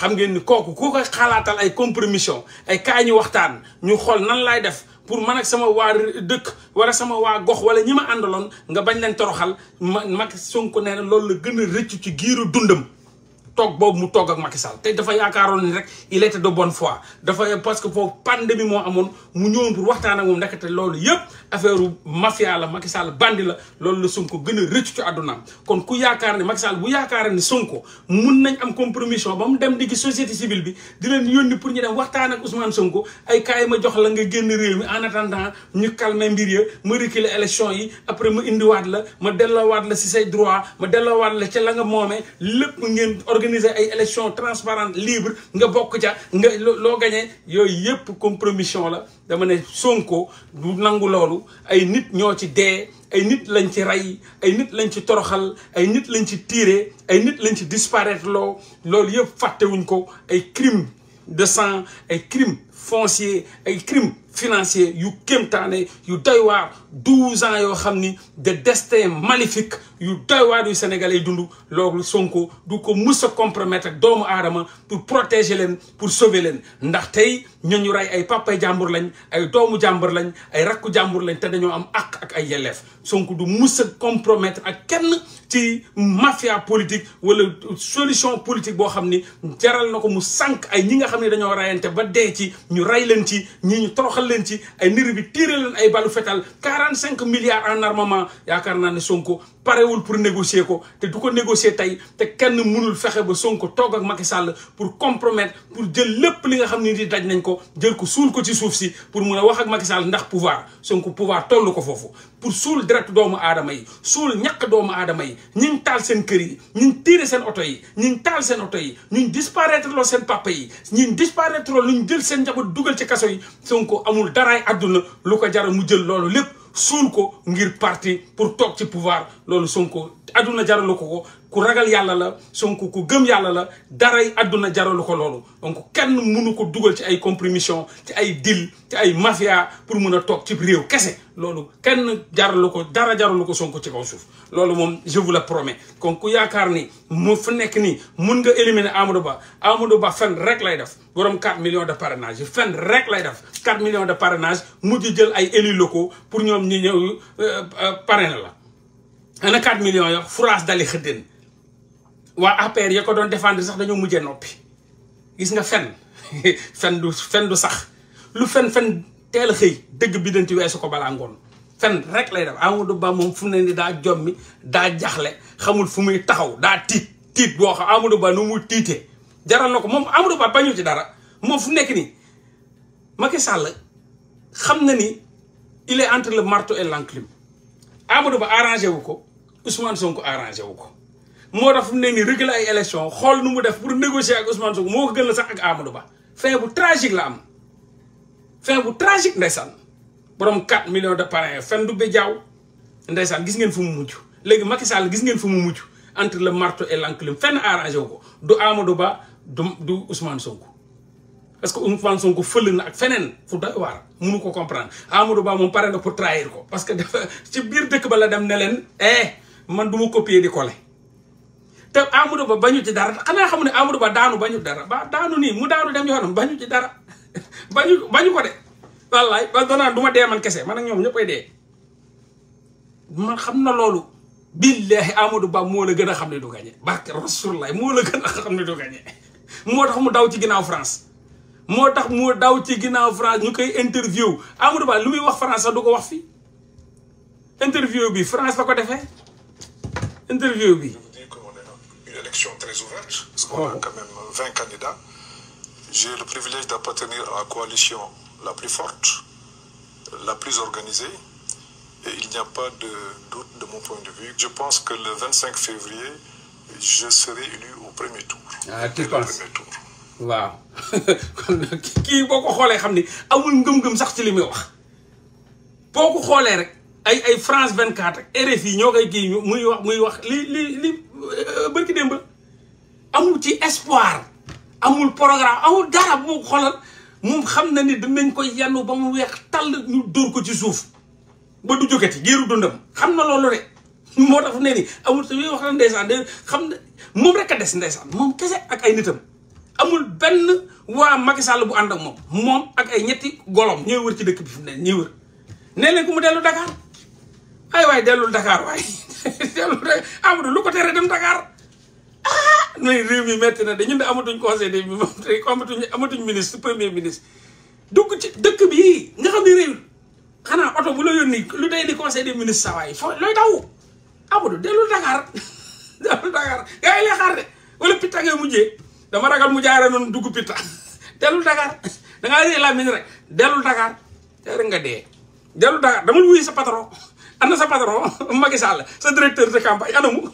xam ngeen ni kooku ku koy xalaatal ay compromission ay kaay ñu waxtaan ñu xool nan laay def pour man ak sama waa dëkk wala sama waa gox wala ñi ma àndaloon nga bañ leen toroxal ma Macky Sonko nee na loolu la gën a rëccu ci giiru dundam. toog boobu mu toog ak Macky Sall te dafa yaakaaroon ni rek il était de bonne foi dafa parce que foofu pandémie moo amoon mu ñëwoon pour waxtaan ak moom ndekete loolu yëpp affaire mafia la Macky a rëccu ci àddunaam kon ne Macky Sall bu yaakaar ne Sonko mun nañ am compromission ba mu dem di ci société civile bi di leen yónni pour ñu dem waxtaan ak Ousmane Sonko ay kaay ma jox la nga génn réew mi en ñu calmer mbir ya ma reculer élection yi après ma indiwaat la ma delloowaat la si say droit ma delloowaat la ca organiser ay élection transparente libre nga bokk ca nga loo gañee yooyu yëpp compromission la dama ne Sonko du nangu loolu ay nit ñoo ci dee ay nit lañ ci ray ay nit lañ ci toroxal ay nit lañ ci tiire ay nit lañ ci disparaître loo loolu yëpp fàttewuñ ko ay crime de sang ay crime foncier ay crime financier yu kemtane yu doywaar douze ans yo xamni de destin maléfique yu doywaar du sénégalais dundou dund loolu Sonko du ko musse a compromettre doomu adama pour protéger leen pour sauver leen ndax tay ñun ñu ray ay papay jambour lañ ay doomu jambour lañ ay rakku jambour lañ té dañoo am ak ak ay yelef Sonko du musse compromettre ak kenn ci mafia politique wala solution politique bo xamni jaral nako mu sank ay ñi nga xamni dañoo ba dé ci ñu rey leen ci ñii ñu toroxal leen ci ay niru bi tiire leen ay balu fetal quarante cinq milliards en armement yaakaar naa ne Sonko parewul pour négocier ko te du ko négocier tey te kenn munul fexe ba Sonko toog ak Macky Sall pour compromettre pour jël lépp li nga xam ne di daj nañ ko jël ko suul ko ci suuf si pour mun a wax ak Macky ndax pouvoir Sonko pouvoir toll ko foofu pour suul deret doomu aadama yi suul ñàkk doomu aadama yi ñuñ taal seen kër yi ñuñ tiire seen oto yi ñuñ taal seen oto yi ñuñ disparaître loo seen papa yi ñuñ disparaître loo ñu jël seen njaboot dugal ci kaso yi Sonko amul daraay àdduna lu ko jar mu jël loolu lépp suul ko ngir parti pour toog ci loolu loolu ko àdduna jaralu ko ko ku ragal yàlla la Sonko ku gëm yàlla la daray àdduna jaralu ko loolu donc kenn mënu ko dugal ci ay compromission ci ay deal ci ay mafia pour mun a toog ci réew kese loolu kenn jaralu ko dara jaralu ko Sonko ci kaw suuf loolu moom je vous le kon ku yaakaar ni mu fu nekk nii mun nga éliminer Amadou Ba Amadou Ba fen rek lay def borom 4 millions de parrainage fen rek lay def 4 millions de parrainage mujj jël ay élus ko pour ñoom ñu ñëw euh, euh, parrainer la ana 4 millions yo France dali xëddeen waa APR ya ko doon défendre sax dañoo mujjee noppi gis nga fen fen du du sax lu fen fen teel a xëy dëgg bi dañ ci weesu ko balaa ngoon fen rek lay def Amadou Ba moom fu mu ne ni daa jommi daa jaxle xamul fu muy taxaw daa tiit tiit boo xam Amadou Ba nu mu jaral na ko moom Amadou Ba bañu ci dara moom fu nekk nii Macky sàll xam na ni il est entre le marteau et l'enclume Amadou Ba arrangé wu ko Ousmane Sonko arrangé wu ko. moo tax fu mu ne nii reculer ay élection xool nu mu def pour négocier ak Ousmane Sonko moo ko gën a sax ak Amadou Ba fin bu tragique la am fin bu tragique ndeysaan borom 4 millions de parrains fen du be jaaw ndeysaan gis ngeen fu mu mujj léegi Macky Sall gis ngeen fu mu mujj entre le marteau et l'enclume fenn arrangé wu ko du Amadou Ba du du Ousmane Sonko parce que Ousmane Sonko fël na ak feneen fu doy waar munu ko comprendre Amadou Ba mu pare na pour trahir ko parce que dafa ci biir dëkk ba dem ne leen eh man du ma copier di coller te Amadou Ba bañu ci dara xanaa xam ne Amadou Ba daanu bañu dara ba daanu nii mu daanu dem yoonam bañu ci dara bañu bañu ko de wallaay ba danaa du ma dee man kese man ak ñoom ñëppay dee man xam na loolu billahi Amadou Ba moo la gën a xam ne du gagné barke rasulullah moo la gën a xam ne du gagné moo tax mu daw ci ginnaaw France moo tax mu daw ci ginnaaw France ñu koy interview Amadou Ba lu muy wax France sax du ko wax fii interview bi France la ko defee interview bi très ouverte, parce qu'on a quand même 20 candidats. J'ai le privilège d'appartenir à la coalition la plus forte, la plus organisée, et il n'y a pas de doute de mon point de vue. Je pense que le 25 février, je serai élu au premier tour. Ah, tu penses premier tour. France 24 amul ci espoir amul programme amul dara boo xoolal moom xam na ni dinañ ko yenn ba mu weex tàll ñu dóor ko ci suuf ba du jógati géeru dundam xam na loolu rek moo tax ne ni amul sa wax na ndeysaan de xam na moom rek a des ndeysaan moom kese ak ay nitam amul benn waa Macky Sall bu ànd moom moom ak ay ñetti golom ñooy ci dëkk bi fi mu ne ñooy nee nañ ko mu dellu Dakar ay waay dellul Dakar waay dellu Amadou lu ko teree dem Dakar ah mais réew mi metti na dañu ne amatuñ conseil des ministres amatuñ amatuñ ministre premier ministre. dugg ci dëkk bi nga xam ne xanaa oto bu la yónni lu day di conseil des ministres saa waay foo looy taw Amadou dellu Dakar dellu Dakar yaa ngi lay xaar de wala dama ragal mu jaaree noonu dugg pitta dellu Dakar da la rek dellu Dakar te rek nga dee. dellu Dakar dama wuyu sa patron ana sa patron Macky Sall sa directeur de campagne anamu.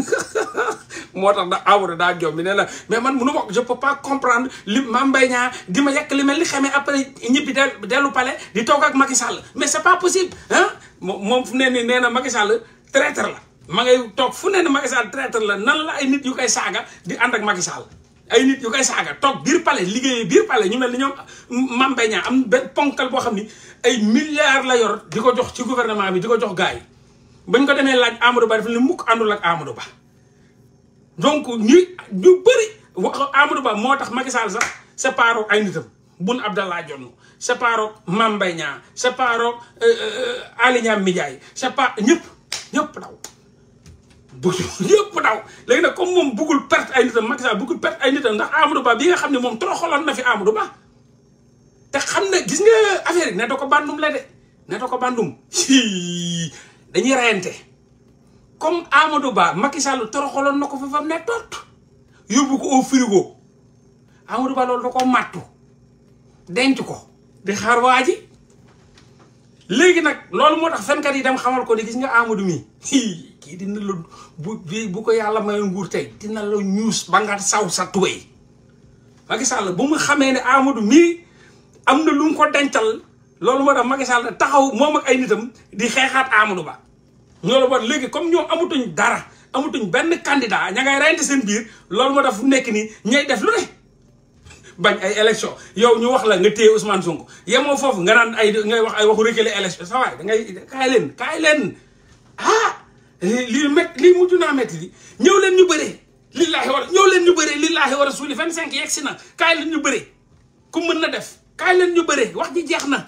motax da awra da jom bi ne la mais man munu ma je peux pas comprendre li Mame Mbaye Niang di ma li mel li xamee après ñibi del delu palais di tok ak Macky Sall mais c'est pas possible hein mom fu ne nii Macky Sall traître la ma ngay tok fu ni Macky Sall traître la nan la ay nit yu koy saga di and ak Macky Sall ay nit yu koy saga tok bir palais liggéeyee bir palais ñu mel ni ñoom Mame am ben ponkal bo xamni ni ay milliards la yor di ko jox ci gouvernement bi di ko jox gaay bañ ko demee laaj Amadou Ba dafa ne mukk àndul ak Amadou Ba donc ñuy ñu bëri wax Amadou Ba moo tax Macky Sall sax séparoo ay nitam Boun Abdallah Dionne séparoo Mame Mbaye Niang séparoo euh, euh, Aly Niang Ndiaye séparoo ñëpp ñëpp daw ñëpp daw léegi nag comme moom bëggul perte ay nitam Macky Sall bëggul perte ay nitam ndax Amadou Ba bi nga xam ne moom trop xoloon na fi Amadou Ba te xam ne gis nga affaire yi ne ko bandum la de ne da ko bandum dañuy reyante comme Amadou Ba Macky Sall toroxaloon na ko fa fam ne tot yóbbu ko au frigo Amadou Ba loolu da ko màttu denc ko di xaar waa ji léegi nag loolu moo tax fenkat yi dem xamal ko ni gis nga Amadou mi kii dina la bu bu ko yàlla may nguur tey dina la ñuus ba nga saw sa tubéy Macky Sall bu mu xamee ne Amadou mii am na lu mu ko dencal loolu moo tax Macky Sall taxaw moo ak ay nitam di xeexaat Amadou Ba ñoo moo tax léegi comme ñoom amatuñ dara amatuñ benn candidat ña ngay biir loolu moo tax fu nekk nii ñay def lu bañ ay élection yow ñu wax la nga téye Ousmane Sonko yemoo foofu nga naan ay ngay wax ay waxu reculer élection sa waay da ngay kaay leen kaay leen ah lii mét lii mujj naa métti li ñëw leen ñu bëree lillaahi war ñëw leen ñu bëree lillaahi war a suuli vingt cinq yegg si na kaay leen ñu bëree ku mën na def kaay leen ñu bëree wax ji jeex na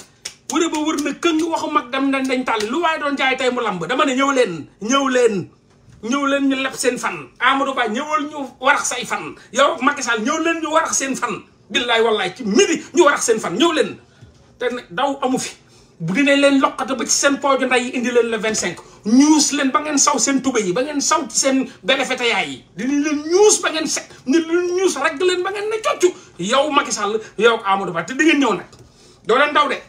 wure ba wër na këng waxu mag dem dañ dañ tàlli lu waaye doon jaay tey mu lamb dama ne ñëw leen ñëw leen ñëw leen ñu leb seen fan Amadou Ba ñëwal ñu warax say fan yow Macky Sall ñëw leen ñu warax seen fan billaay wallaay ci midi ñu seen fan ñëw leen te daw amu fi bu dinañ leen loqate ba ci seen pooju ndey yi indi leen le vingt cinq ñuus leen ba ngeen saw seen tuba yi ba ngeen saw ci seen belefete yaay yi dinañ leen ñuus ba ngeen set ne leen ñuus ragg leen ba ngeen ne coccu yow Macky Sall yow Amadou Ba te di ngeen ñëw nag doo leen daw de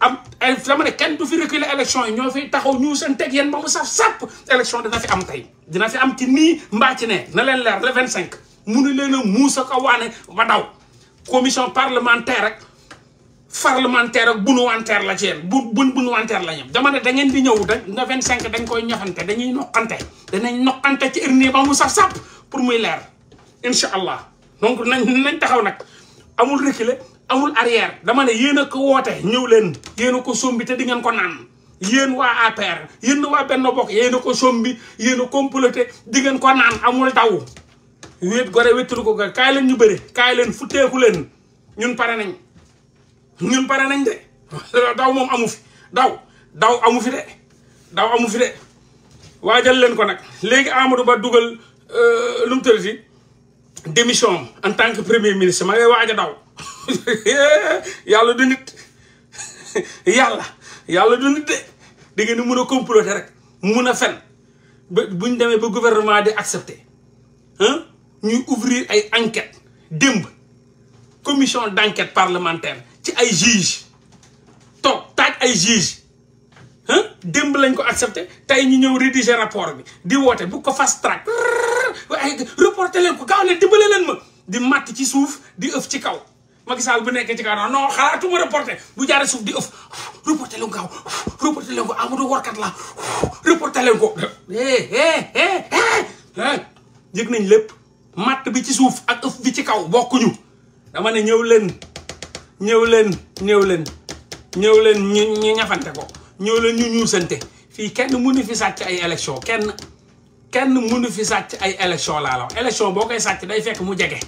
am dama ne kenn du fi reculer élection yi ñoo fiy taxaw ñu seen teg yéen ba mu saf sàpp élection dina fi am tey dina fi am ci nii mbaa ci ne na leen leer le vingt cinq munu leen a muus ak a waane ba daw commission parlementaire ak parlementaire ak bunuwanteer la ci yéen bu bun bunuwanteer la ñam dama da ngeen di ñëw da na vingt cinq dañ koy ñoxante dañuy noqante danañ noqante ci urne ba mu saf sàpp pour muy leer incha allah donc nañ nañ taxaw nag amul reculer amul arrière dama ne yéen a ko woote ñëw leen yéen a ko sombi te di ngeen ko naan yéen waa APR yéen waa benn bokk yéen a ko sombi yéen a comploté di ngeen ko naan amul daw wéet gore wéttul ko ga kaay leen ñu bëri kaay leen futteeku leen ñun pare nañ ñun pare nañ de daw moom amu fi daw daw amu fi de daw amu fi de waajal leen ko nag léegi Amadou Ba dugal euh, lu mu tëdd si en tant premier ministre ma ngay a daw yàlla du nit yàlla yàlla du nit de da ngeen di mun a comploter rek mu mun a fen ba bu ñu demee ba gouvernement di accepter ah ñuy ouvrir ay enquêtes démb commission d' enquête parlementaire ci ay juges toog taaj ay juges ah démb lañ ko accepté tey ñu ñëw rédiger rapport bi di woote bu ko fast track ay reporter leen ko gaaw leen dimbale leen ma di màtt ci suuf di ëf ci kaw. Macky Sall bu nekkee ci kaw non xalaatuma reporté bu jaaree suuf di ëff reporté leen ko gaaw reporté leen ko Amadou warkat la reporté leen ko. Eh, eh, eh, yëg nañ lépp matt bi ci suuf ak ëff bi ci kaw bokkuñu dama ne ñëw leen ñëw leen ñëw leen ñëw leen ñu ñu ñafante ko ñëw leen ñu ñuusante fii kenn mënu fi sàcc ay élection kenn kenn mënu fi sàcc ay élection laa la wax élection boo koy sàcc day fekk mu jege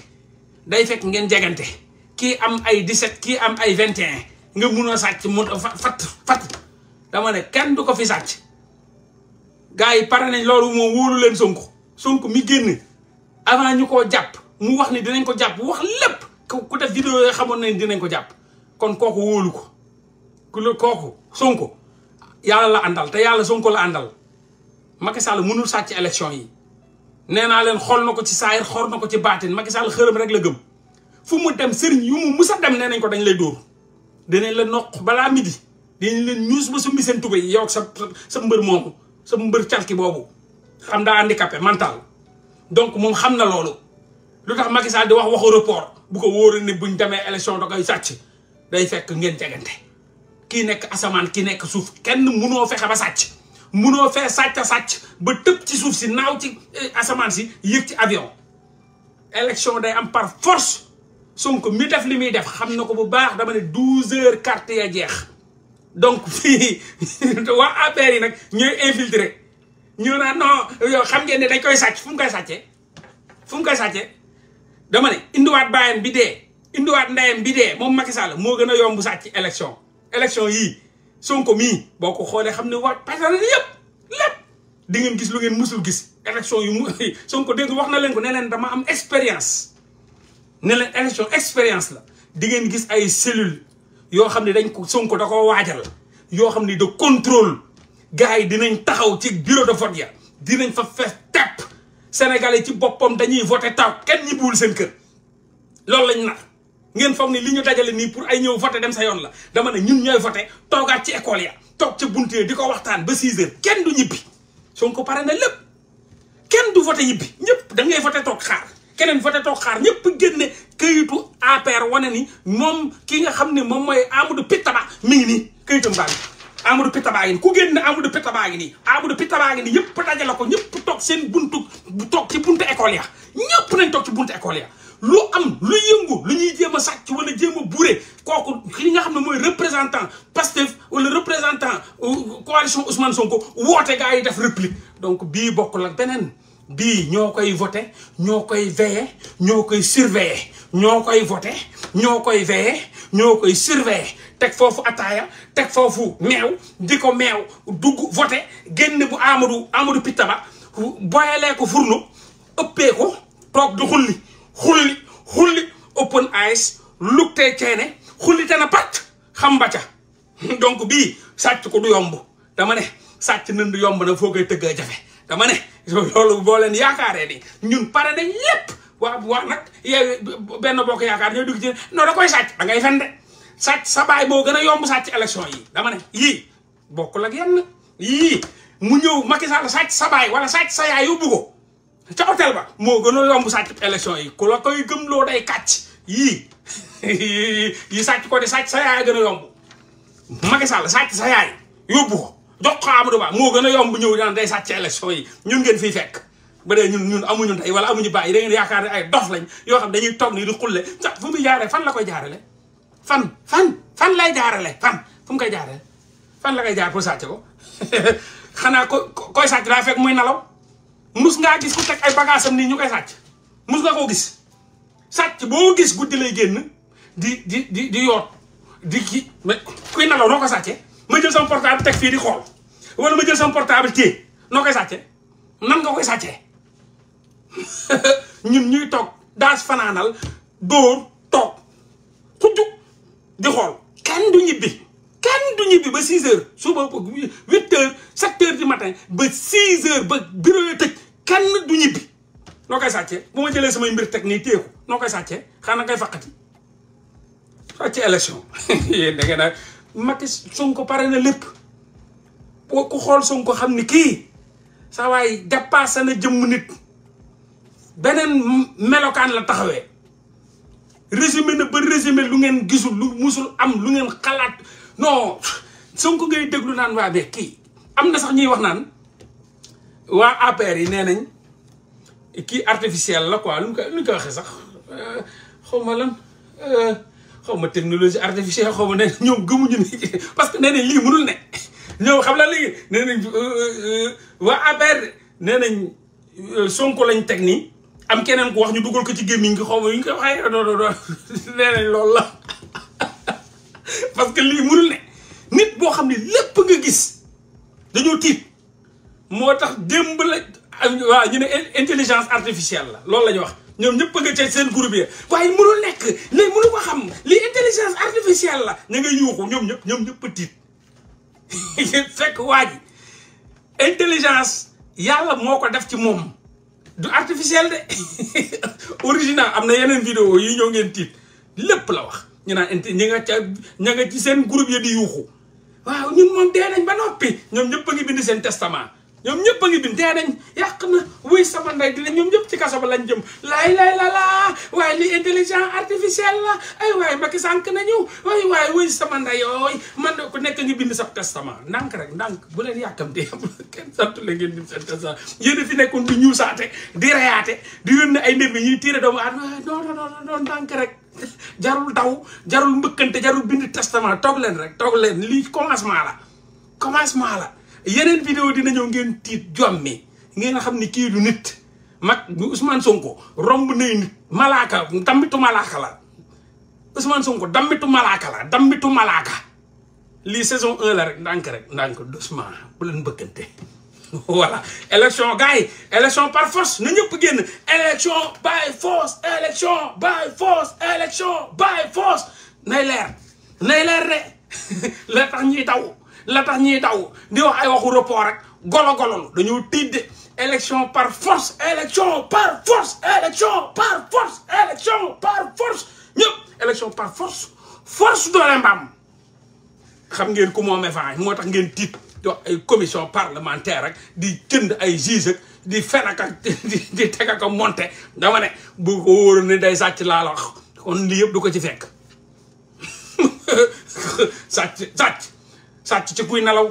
day fekk ngeen jegante. kii am ay 17 kii am ay 21 nga mun a sàcc mun fat fat dama ne kenn du ko fi sàcc gars yi pare nañ loolu moo wóolu leen Sonko Sonko mi génn avant ñu koo jàpp mu wax ni dinañ ko jàpp wax lépp ku def vidéo yooyu xamoon nañ dinañ ko jàpp kon kooku wóolu ko ku la kooku sunk yàlla la àndal te yàlla Sonko la àndal Macky Sall mënul sàcc élection yi nee naa leen xool na ko ci saayir xool na ko ci baatin Macky Sall xërëm rek la gëm fu mu dem sëriñ yu mu mus a dem nee nañ ko dañ lay dóor dinañ la noq balaa midi dinañ la ñuus ba summi seen tubéy yow sa sa mbër moomu sa mbër calki boobu xam daa handicapé mantal donc moom xam na loolu lu tax Macky di wax waxu report bu ko wóoree ne buñ demee élection da koy sàcc day fekk ngeen jegante kii nekk asamaan ki nekk suuf kenn munoo fexe ba sàcc munoo fee sàcc a sàcc ba tëb ci suuf si naaw ci eh, asamaan si yëg ci avion élection day am Sonko mi def limi def bu baax dama douze heures carte ya donc nous wa APR yi nak infiltré ñu na non les xam ngeen ne dañ koy sacc fu sont koy fu Ils koy dama ne wat bayam bi wat ndayam bi élection élection Sonko mi boko xolé xamne Ils ne di ngeen gis lu ngeen musul gis élection yu Sonko dégg wax na leen ko ne leen dama am expérience ne len élection expérience la di ngeen gis ay cellule yo xamni dañ ko Sonko da koo waajal yoo xam de contrôle gaay yi dinañ taxaw ci bureau de vote ya dinañ fa fess tap sénégalais ci bopom dañuy voter taw kenn ñibbiwul seen kër lool lañ nar ngeen foog ni li dajale pour ay ñew voter dem sa yoon la dama ne ñun ñoy voter toogaat ci école ya tok ci bunt ya di waxtaan ba 6 h kenn du ñibbi Sonko paré na lepp kenn du voter ñibbi ñepp da ngay voter tok xaar keneen voté toog xaar ñëpp génne këyitu APR wane ni moom ki nga xam ne moom mooy Amadou Pitaba mi ngi nii këyitam baa ngi Amadou Pitaba ngi nii ku génn Amadou Pitaba ngi nii Amadou Pitaba ngi nii ñëpp dajale ko ñëpp toog seen buntu toog ci buntu école ya ñëpp nañ toog ci buntu école ya lu am lu yëngu lu ñuy jéem a sàcc wala jéem a buure kooku li nga xam ne mooy représentant Pastef wala représentant euh, coalition Ousmane Sonko woote gaa yi def réplique donc bii bokkul ak beneen. bii ñoo koy voté ñoo koy veillé ñoo koy surveillé ñoo koy voté ñoo koy veillé ñoo koy surveillé teg foofu ataaya teg foofu meew di ko meew dugg voté génne bu Amadou Amadou Pitaba boyalee ko furnu ëppee ko toog di xulli xulli xulli open eyes lugtee ceene xulli te na pat xam ba ca donc bii sàcc ko du yomb dama ne sàcc na du yomb na foo koy tëgg a jafe dama ne loolu boo leen yaakaaree ni ñun pare nañ wa wax wax nag yow bokk yaakaar ñoo dugg ci non da koy sàcc da ngay fen de sàcc sa baay boo gën a yomb sàcc élection yi dama ne yii bokkul ak yenn yii mu ñëw Macky Sall sàcc sa baay wala sàcc sa yaay yóbbu ko ca hôtel ba moo gën a yomb sàcc élection yi ku la koy gëmloo day kàcc yii yii sàcc ko di sàcc sa yaay gën a yomb Macky sayay sàcc sa jox ko Amadou Ba moo gën a yomb ñëw daan day sàcc élection yi ñun ngeen fiy fekk ba dee ñun ñun amuñu tey wala amuñu bàyyi da ngeen yaakaar ne ay dox lañ yoo xam dañuy toog nii di xulle sax fu muy jaaree fan la koy jaarale fan fan fan lay jaarale fan fu mu koy jaarale fan la koy jaar pour sàcc ko xanaa ko koy sàcc daa fekk muy nalaw mus ngaa gis ku teg ay bagages am nii ñu koy sàcc mus nga koo gis sàcc boo gis guddi lay génn di di di di yoot di kii mais kuy nalaw noo ko sàccee ma jël sama portable teg fii di xool wala ma jël sama portable téye noo koy sàcce nan nga koy sàccee ñun ñuy toog daas fanaanal dóor toog xujju di xool kenn du ñibbi kenn du ñibbi ba 6 heures suba ba 8 heures 7 heures du matin ba 6 heures ba bureau yi tëj kenn du ñibbi noo koy sàccee bu ma jëlee samay mbir teg nii téye ko noo koy sàccee xanaa ngay fàqati sàcce élection yéen da Macky ko pare na lépp boo ko xool Sonko xam ni kii sa waay dépassé na jëmm nit beneen melokaan la taxawe résumé na ba résumé lu ngeen gisul lu musul am lu ngeen xalaat non Sonko ngay déglu naan waa be kii am na sax ñuy wax naan waa APR yi nee nañ kii artificiel la quoi lu mu ko lu ko waxee sax euh, xaw ma lan euh, xaw ma technologie artificielle xaw ne ñoom gëmuñu ne parce que nee nañ lii mënul ne ñoom xam la léegi nee nañ euh, euh, waa APR nee nañ euh, Sonko lañ teg nii am keneen ku wax ñu dugal ko ci gémmiñ gi xaw ma ñu ko waxee non non non nee nañ loolu la parce que lii mënul ne nit boo xam ne lépp nga gis dañoo tiit moo tax démb la waa ñu ne intelligence artificielle la loolu la ñu wax ñoom ñëpp nga ca seen groupe yi waaye mënul nekk léegi mënu ko xam li intelligence artificielle la ña nga yuuxu ñoom ñëpp ñoom ñëpp tiit fekk waa ji intelligence yàlla moo ko def ci moom du artificiel de original am na yeneen vidéo yi ñoo ngeen tiit lëpp la wax ñu naan inte ñi nga ca ña ci seen groupe yi di yuuxu waaw ñun moom dee nañ ba noppi ñoom ñëpp a ngi bind seen testament ñoom ñëpp a ngi bind dee yàq na wuy sama ndey la ñoom ñëpp ci kaso ba lañ jëm laay lay la laa waaye li intelligence artificielle la ay waaye Macky sànq nañu waay waaye wuy sama ndey yooy man de ku nekk ngi bind sab testament ndànk rek ndànk bu leen yàkkamtee am kenn santu la ngeen bind seen testament yéen fi nekkoon di ñuusaate di reyaate di yónne ay ndëb yi ñuy tiire doomu aadama non non non ndànk rek jarul daw jarul mbëkkante jarul bind testament toog leen rek toog leen lii commencement la commencement la yeneen vidéo dina ñëw ngeen tiit mi ngeen xam ni kii nit ma Ousmane Sonko romb nay nit malaaka dambitu malaaka la Ousmane Sonko dambitu malaaka la dambitu malaaka lii saison 1 la rek ndànk rek ndànk doucement bu leen bëggante par force na ñëpp génn élection by force élection by force élection by force la tax ñuy daw la tax ñuy daw di wax ay waxu report rek golo gololu dañoo tiit de élection par force élection par force élection par force élection par force ñëpp élection par force force doole mbaam xam ngeen ku moom évange moo tax ngeen tiit di wax ay commission parlementaire rek di jënd ay gise di fen ak ak di teg ak monté dama ne bu ko wóor day sàcc laa la wax kon lii yëpp du ko ci fekk sàcc sàcc sàcc ci kuy nelaw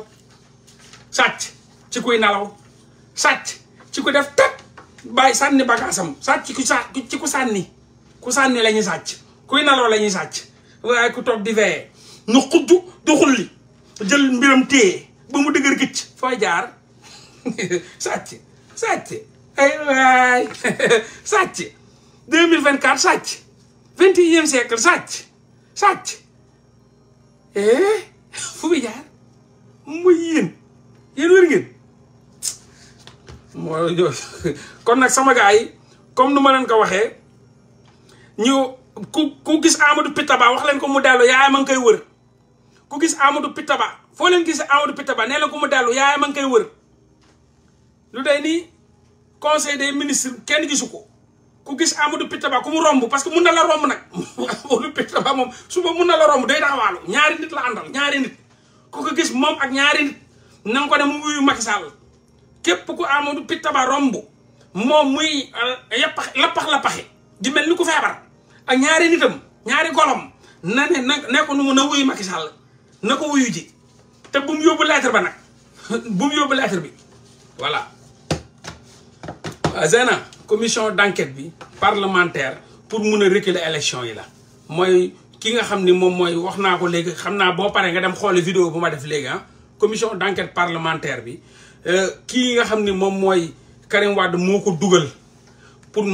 sàcc ci kuy nelaw sàcc ci ku def tëpp bàyyi sànni bagaasam sàcc ci ku sànni ku sànni la sàcc kuy nelaw lañuy sàcc waaye ku toog di veillé nu xujj du xulli jël mbiram téye ba mu dëgër këcc fooy jaar sàcc sàcc ay waay sàcc deux mille vingt quatre sàcc vingt et unième siècle sàcc sàcc eh? fu muy jaar Muyin, yéen yéen wér ngeen kon nak sama gaay comme nu ma ko waxe ñu ku gis Amadou Pitaba wax len ko mu dalu yaay ma ngi koy wër ku gis Amadou Pitaba fo len gis Amadou Pitaba ne la ko mu dalu yaay ma ngi koy wër lu day ni conseil des ministres kenn gisuko ku gis Amadou Pitaba ku mu romb parce que mu na la romb nak Amadou Pitaba mom suba mu na la romb day ñaari nit la andal ñaari nit ku ko gis moom ak ñaari nit na ko ne dem uyu Macky Sall képp ku Amadou Pitta Ba romb moom muy euh, yappax lappax lappaxi di mel ni ku feebar ak ñaari nitam ñaari golom na ne na nu mu na wuyu Macky Sall na ko wuyu ji te bu mu yóbbu lettre ba nag bu mu yóbbu lettre bi voilà. Euh, Zena commission d' enquête bi parlementaire pour mun a reculer élection yi la mooy. Qui nga xamni mom moy mooy collègues vidéo buma def ah. commission d'enquête parlementaire bi euh, nga Karim Wad Pour dougal pour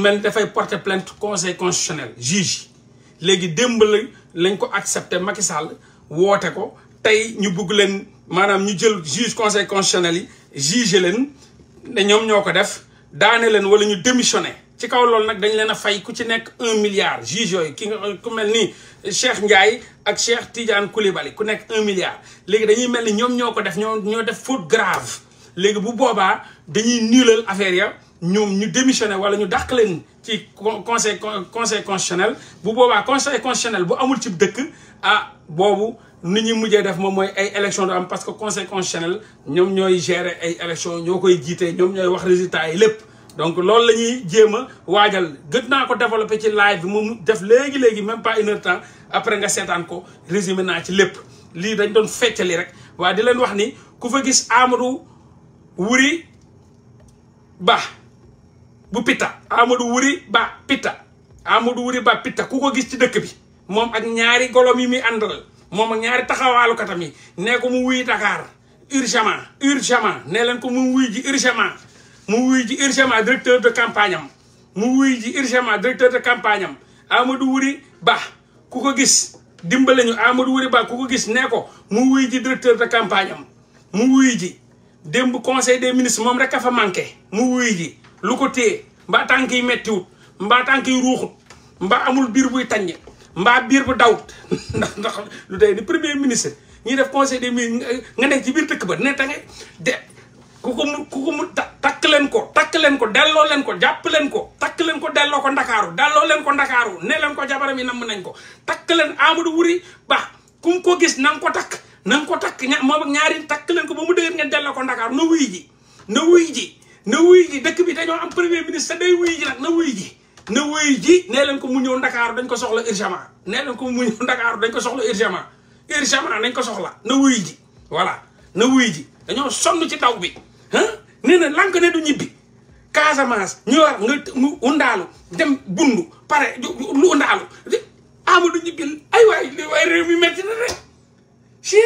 porter plainte conseil constitutionnel juge léegi démb lañ ko accepté Macky Sall ko tay ñu juge conseil constitutionnel yi leen def ci kaw loolu nak dañ milliard jijoy, ki nga Cheikh ak Cheikh Tidiane Koulibaly ku milliard dañuy def ñoo ñoo faute grave bu dañuy affaire ya démissionné wala ñu leen ci conseil conseil constitutionnel bu conseil constitutionnel bu amul ci ah, ni ñi def parce que conseil constitutionnel gérer ay élection wax résultat yi donc loolu lañuy ñuy jéem a waajal gën naa ko développé ci live mu def léegi léegi même pas une heure temps après nga seetaan ko résumé naa ci lépp lii dañ doon feccali rek waaye di leen wax ni ku fa gis Amadou Wuri Ba bu Pitta Amadou Wuri Ba Pitta Amadou Wuri Ba Pitta ku ko gis ci dëkk bi moom ak ñaari golom yi muy àndal moom ak ñaari taxawaalu katam yi ne ko mu wuy Dakar urgemment urgemment ne leen ko mu wuy ji urgemment mu wuy ji urgemment directeur de campagne am mu wuy ji urgemment directeur de campagne am Amadou Wuri Ba ku ko gis dimbale ñu Amadou Wuri Ba ku ko gis nee ko mu wuy ji directeur de campagne mu wuy ji démb conseil des ministres moom rek a fa manqué mu wuy ji lu ko téye mbaa tànk yi mettiwut mbaa tànk yi ruuxut mbaa amul biir buy tàññ mbaa biir bu dawut ndax ndax lu day ni premier ministre ñuy def conseil des ministres nga nekk ci biir dëkk ba ne ta nga de kukum kukum tak ku ko tak takk leen ko takk leen ko delloo leen ko jàpp leen ko takk leen ko delloo ko ndakaaru delloo leen ko ndakaaru ne leen ko jabaram yi namm nañ ko takk leen Amadou Wuri Ba ku ko gis na ko takk na ko takk ña ak ñaari takk leen ko ba mu ngeen delloo ko wuy ji na wuy ji na wuy ji dëkk bi dañoo am premier ministre day wuy ji nag na wuy ji na wuy ji nee leen ko mu ñëw ndakaaru dañ ko soxla urgemment nee leen ko mu ñëw ndakaaru dañ ko soxla ko soxla wuy ji voilà na wuy ji dañoo sonn ci taw bi nee na lànk ne du ñibbi Casamance ñu war nga undaalu dem bundu pare lu undaalu Amadou ñibbi ay waay waay réew mi metti na rek ci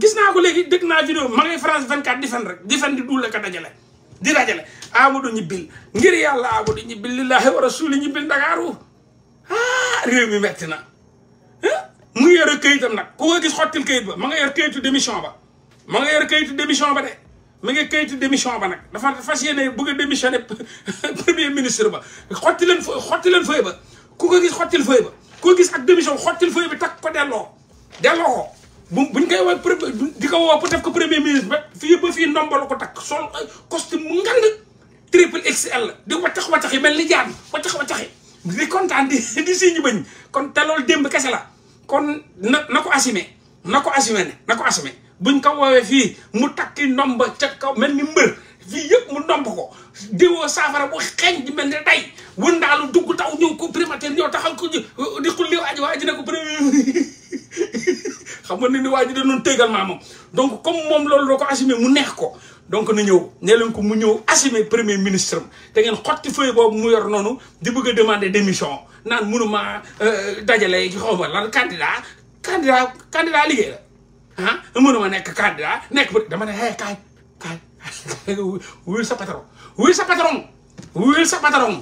gis naa ko léegi dégg naa vidéo ma ngay France 24 di rek di fen di duule ka dajale di dajale Amadou ñibbil ngir yàlla Amadou ñibbil lillaahi wa rasuuli ñibbil Ndakaaru ah réew mi metti na mu ngi yore këyitam nag ku ko gis xottil këyit ba ma nga yor këyitu démission ba ma nga yor këyitu démission ba de mi ngi kayitu démission ba nag dafa fas yéene bëgg a démissionné premier ministre ba xotti leen fo xotti leen feuille ba ku ko gis xottil feuille ba koo gis ak démission xottil feuille bi takk ko delloo delloo ko bu buñ koy woo di ko woo pour def ko premier ministre ba fii ba fii ndombalu ko takk sol costume mu ngand triple XL di waccax waccax yi mel ni jaan waccax waccax yi di kontaan di di siñu bañ kon talool loolu démb kese la kon na na ko assumé na ko assumé ne na ko assumé buñ kaw woowee fii mu takki ndomb ca kaw mel ni mbër fii yëpp mu ndomb ko diwoo saafara bu xeeñ di mel ni tey wëndaalu dugg taw ñëw ko primature ñëw am ko di xulli waaji waaji ne ko premier xam nga ni waa ji da doon tëggal maamam donc comme moom loolu doo ko assumer mu neex ko donc na ñëw nee leen ko mu ñëw assumer premier ministre am te ngeen xotti feuille boobu mu yor noonu di bëgg a demander démission naan mënuma euh, dajale ci xaw ma lan candidat candidat candidat liggéey la ah mënuma nekk naik nekk dama ne hey kaay kaay wuyul sa patron wuyul sa patron wuyul sa patron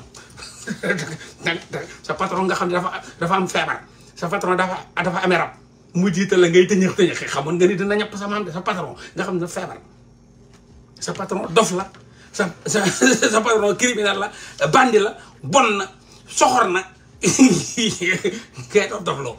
sa patron nga xam ne dafa dafa am feebar sa patron dafa dafa amee rab mu jiital la ngay tëñëx tëñëx xamoon nga ni dina ñëpp sa maam de sa patron nga xam ne feebar sa patron dof la sa sa sa patron criminel la bandi bon na soxor na kay dof dof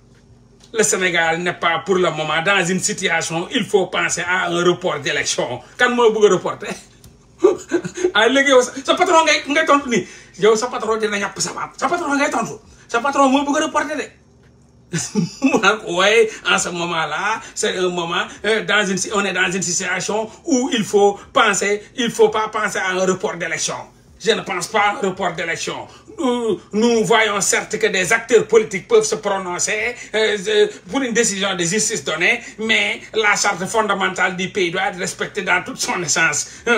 le Sénégal n'est pas pour le moment dans une situation où il faut penser à un report d'élection Quand moi, je veux reporter ah pas trop sa patron ngay ngay tontu nii yow sa patron dina ça sa baat sa patron ngay tontu sa patron moo bëgg reporter de mu naan Oui, en ce moment là c'est un moment euh, dans une on est dans une situation où il faut penser il ne faut pas penser à un report d'élection je ne pense pas à un report d'élection euh, nous, voyons certes que des acteurs politiques peuvent se prononcer euh, euh, pour une décision de justice donnée, mais la charte fondamentale du pays doit être respectée dans toute son essence.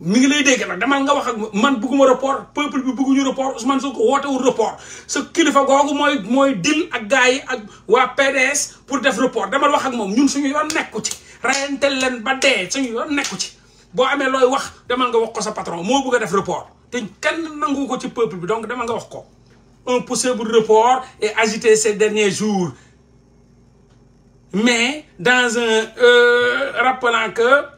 mi ngi lay dégg nga wax ak man report peuple bi report Ousmane report sa kilifa googu dil ak gars ak PDS pour def report wax ak moom ñun suñu yoon ci ba suñu yoon ci patron def report kenn donc nga wax un possible report agité ces derniers jours mais dans un euh, rappelant que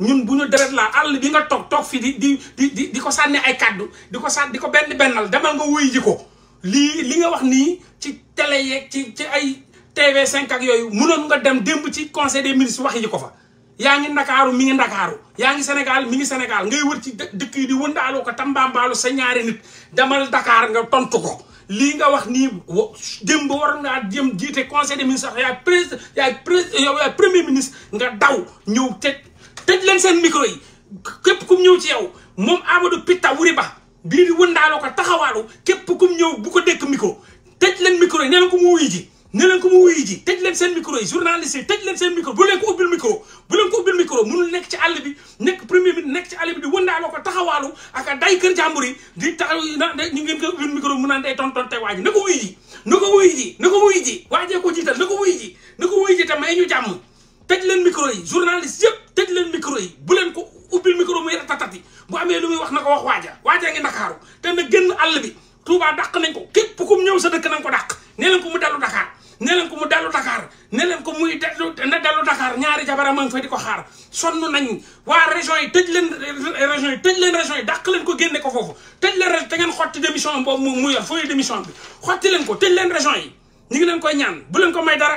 ñun bu ñu deret laa àll bi nga toog toog fii di di di di ko sànni ay kàddu di ko sànni ko benn bennal demal nga wuy ji ko lii li nga wax nii ci télé yeeg ci ci ay TV5 ak yooyu mënoon nga dem démb ci conseil des ministres wax yi ko fa. yaa ngi ndakaaru mi ngi ndakaaru yaa ngi Sénégal mi ngi Sénégal ngay wër ci dëkk yi di wëndaaloo ko tambaambaalu sa ñaari nit demal Dakar nga tontu ko. lii nga wax nii démb war ngaa jëm jiite conseil des ministres yaay pres yaay pres yow yaay premier ministre nga daw ñëw teg. tëj leen seen micro yi képp kum ñëw ci yow moom Amadou Pitta Wuri Ba bii di wëndaaloo ko taxawaalu képp kum ñëw bu ko dékk micro tëj leen micro ko mu wuyu ji ne ko mu leen seen micro yi journaliste leen seen micro ko ubbil micro bu leen ko ubbil micro munul nekk ci àll bi nekk premier ministre nekk ci àll bi di wëndaaloo ko taxawaalu ak day kër jàmbur yi di taxaw ñu ngeen ko ubbil micro mu naan day tonton te waa ji na ko wuyu ji na ko ji na ko wuyu ji waajee ko jiital na ko wuyu ji na ko ñu jàmm tëj leen micro yi journaliste yëpp tëj leen micro yi bu leen ko ubbil micro muy ratatati amee lu muy wax na ko wax waaja waaja ngi ndakaaru te àll bi Touba dàq nañ ko képp ku ñëw sa dëkk nañ ko dàq nee leen ko mu dellu Dakar nee leen ko mu dellu Dakar nee leen ko muy dellu na dellu Dakar ñaari jabaram a ngi fa di ko xaar sonn nañ waa région yi tëj leen région leen région yi ko génne ko foofu tëj leen région te ngeen xotti démission boobu mu yor fooy démission bi xotti leen ko tëj leen région yi ñu ngi leen koy ñaan bu leen ko may dara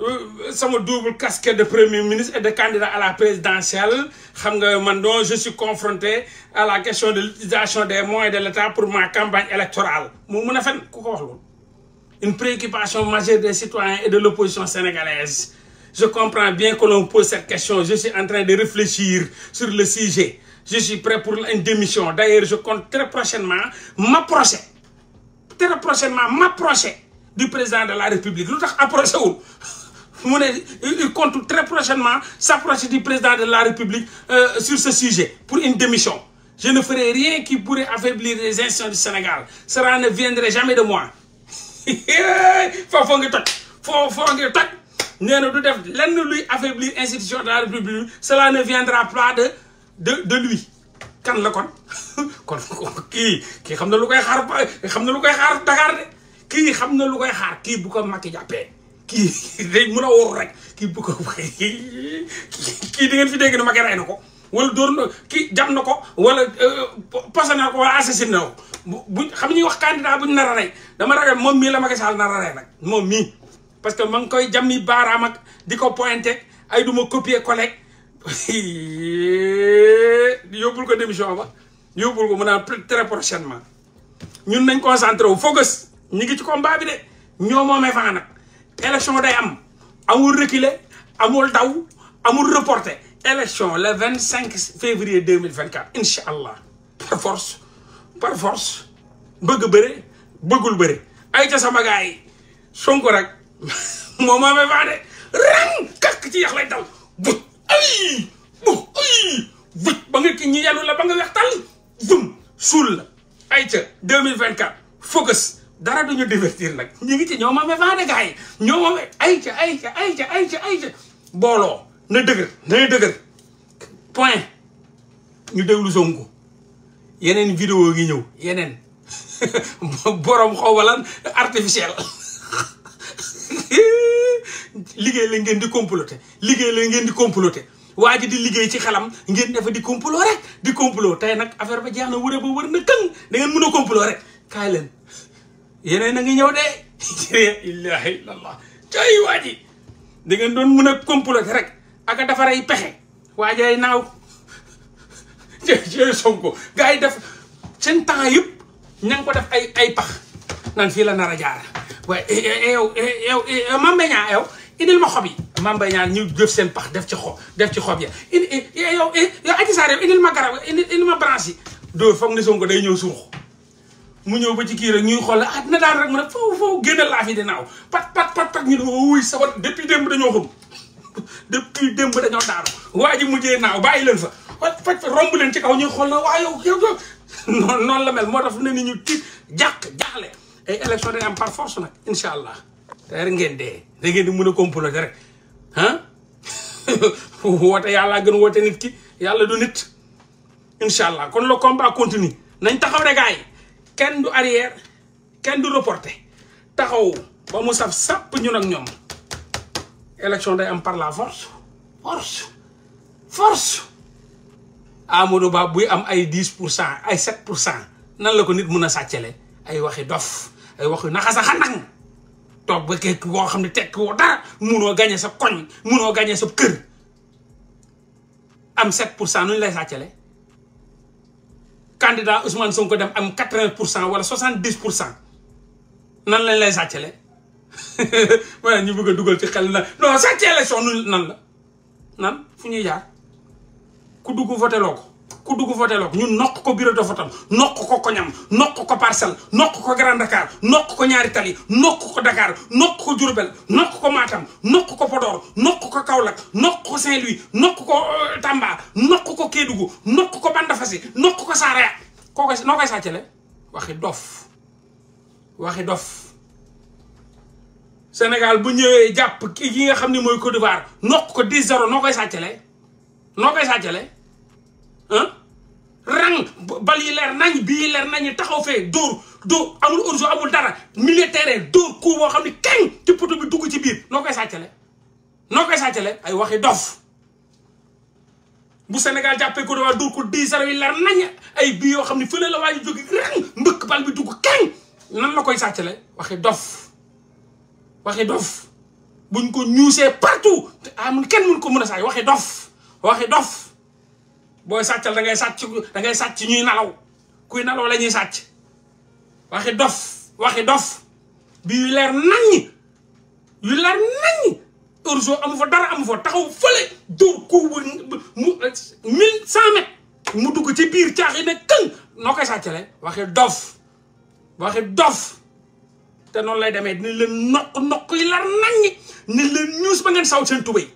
Euh, mon double casquette de premier ministre et de candidat à la présidentielle je suis confronté à la question de l'utilisation des moyens de l'État pour ma campagne électorale Je une préoccupation majeure des citoyens et de l'opposition sénégalaise je comprends bien que l'on pose cette question je suis en train de réfléchir sur le sujet je suis prêt pour une démission d'ailleurs je compte très prochainement m'approcher très prochainement m'approcher du président de la République Nous tax approché il compte très prochainement s'approcher du président de la République euh, sur ce sujet pour une démission. Je ne ferai rien qui pourrait affaiblir les institutions du Sénégal. Cela ne viendrait jamais de moi. Il faut que nous lui affaiblir nee na du def lenn luy affaiblir de la République cela ne viendra pas de de de lui. kan la kon kon Qui koy xaar koy xaar Dakar de koy xaar bu ko kii day mën a wóor rek kii bu ko kii di ngeen fi dégg na Macky rey ko wala dóor na kii jam na ko wala euh, posé na ko wala assassiné na ko bu xam ñuy wax bu buñ nar a rey dama ragal moom mii la Macky Sall nar a rey nag moom mii parce que ma ngi koy jam baaraam ak di ko pointé ay duma copier collègue yóbbul ko démission ba yóbbul ko mu naan très prochainement ñun nañ concentré wu focus ñu ngi ci combat bi de ñoo moomee faa nag Élection de Am, Amour reculé, amour Daw, amour reporté. Élection le 25 février 2024. Inch'Allah. Par force. Par force. Bugu bere. Bugu bere. Aïe, ça Son correct. Maman me va Rang. Kak, tu y as l'aïdal. Bout. Aïe. Bout. Aïe. Bout. Bangu qui n'y a l'ou la bangu vertal. Zoom. Soul. Aïcha. 2024. Focus. dara duñu divertir nag ñu ngi ci ñoo ma me vaane gars yi ñoo ma me ay ca ay ca ay ca booloo na dëgër na dëgër point ñu déglu ko yeneen vidéo ngi ñëw yeneen borom xaw walan artificiel liggéey la ngeen di comploter liggéey la ngeen di comploter waa ji di liggéey ci xelam ngeen defa di complot rek di complot tey nag affaire ba jeex na wëre ba wër na këng da ngeen mën a complot rek yeneen a ngi ñëw de ilaha illallah tey waa ji da ngeen doon mën a comploter rek ak a defaree pexe waa jay naaw jërëjëf Sonko gars yi def seen tax yëpp ña ngi ko def ay ay pax naan fii la nar a jaar waaye eh, eh, eh, yow yow Mame Mbaye yow indil ma xob yi Mame Mbaye ñu def seen pax def ci xob def ci xob ya indi yow yow Adji Sarr yow indil ma garab indil ma branche yi dóor foog ne Sonko day ñëw suux mu ñëw ba ci kii rek ñuy xool na ah, dina daan rek mu ne foofu foofu génne laa de naaw pat pat pat pat ñu ne wuy sabar depuis démb dañoo xam depuis démb dañoo daaru waa ji mujjee naaw bàyyi leen fa pat pat romb leen ci kaw ñuy xool na yow yow noonu noonu la mel moo tax ne ni ñu tiit jàq jaaxle ay élection day am par force nag incha allah te rek ngeen dee da ngeen di mën a comploter rek ah woote yàlla gën woote nit ki yàlla du nit incha allah kon le combat continue nañ taxaw de gars yi kenn du arrière kenn du reporté taxaw ba mu saf sàpp ñun ak ñoom élection day am par la force force force Amadou Ba buy am ay diis pour cent ay sept pour cent nan la ko nit mun a sàccale ay waxi dof ay waxi naxasa xanang toog ba kekk boo xam ne tekk woo dara munoo gañe sa koñ munoo gañe sa kër am sept pour cent nu ñu lay sàccale candidat Ousmane ko dem am quatre-vingt pour cent wala soixante-dix pour cent nan lañ lay sàccale wala ñu bugg a dugal ci xel na loo sàcc élection nu nan la nan fu ñuy jaar ku dugg voté loo ko ku dugg voteloo ko ñun nokk ko bureau nokk ko koñam nokk ko parcelle nokk ko Grand Dakar nokk ko ñaari tali nokk ko Dakar nokk ko Diourbel nokk ko Matam nokk ko Podor nokk ko Kaolack nokk ko Saint-Louis nokk ko Tamba nokk ko Kédougou nokk ko Bandafassi nokk ko Saraya koo koy noo koy sàccale bu ñëwee jàpp ki yi nga xam ne mooy Côte d'Ivoire ko 10 0 noo koy sàccale noo koy sàccale ah rang bal yi leer nañ bii leer nañ taxaw fee dóor dóor amul orzo amul dara militaire dóor ku boo xam ne kañ ci poto bi dugg ci biir noo koy sàccale noo koy sàccale ay waxi dof bu Sénégal jàppee ko dawaa dóor ko dix yoo xam ne fële la waa ji jóge bi dugg kañ nan la koy sàccale waxi dof waxi dof buñ ko ñuusee partout kenn mun ko mën a saay waxi dof waxi dof booy sàccal da ngay sàcc da ngay sàcc ñuy nalaw kuy nalaw lañuy ñuy sàcc waxi dof waxi dof bi yu leer naññ yu leer naññ Orzo amu fa dara amu fa taxaw fële dóor ku mu mille cent mètres mu dugg ci biir caax yi ne këng noo koy sàccale waxi dof waxi dof te noonu lay demee dinañ leen noq noq yi leer naññ dinañ leen ñuus ba ngeen saw seen tubéy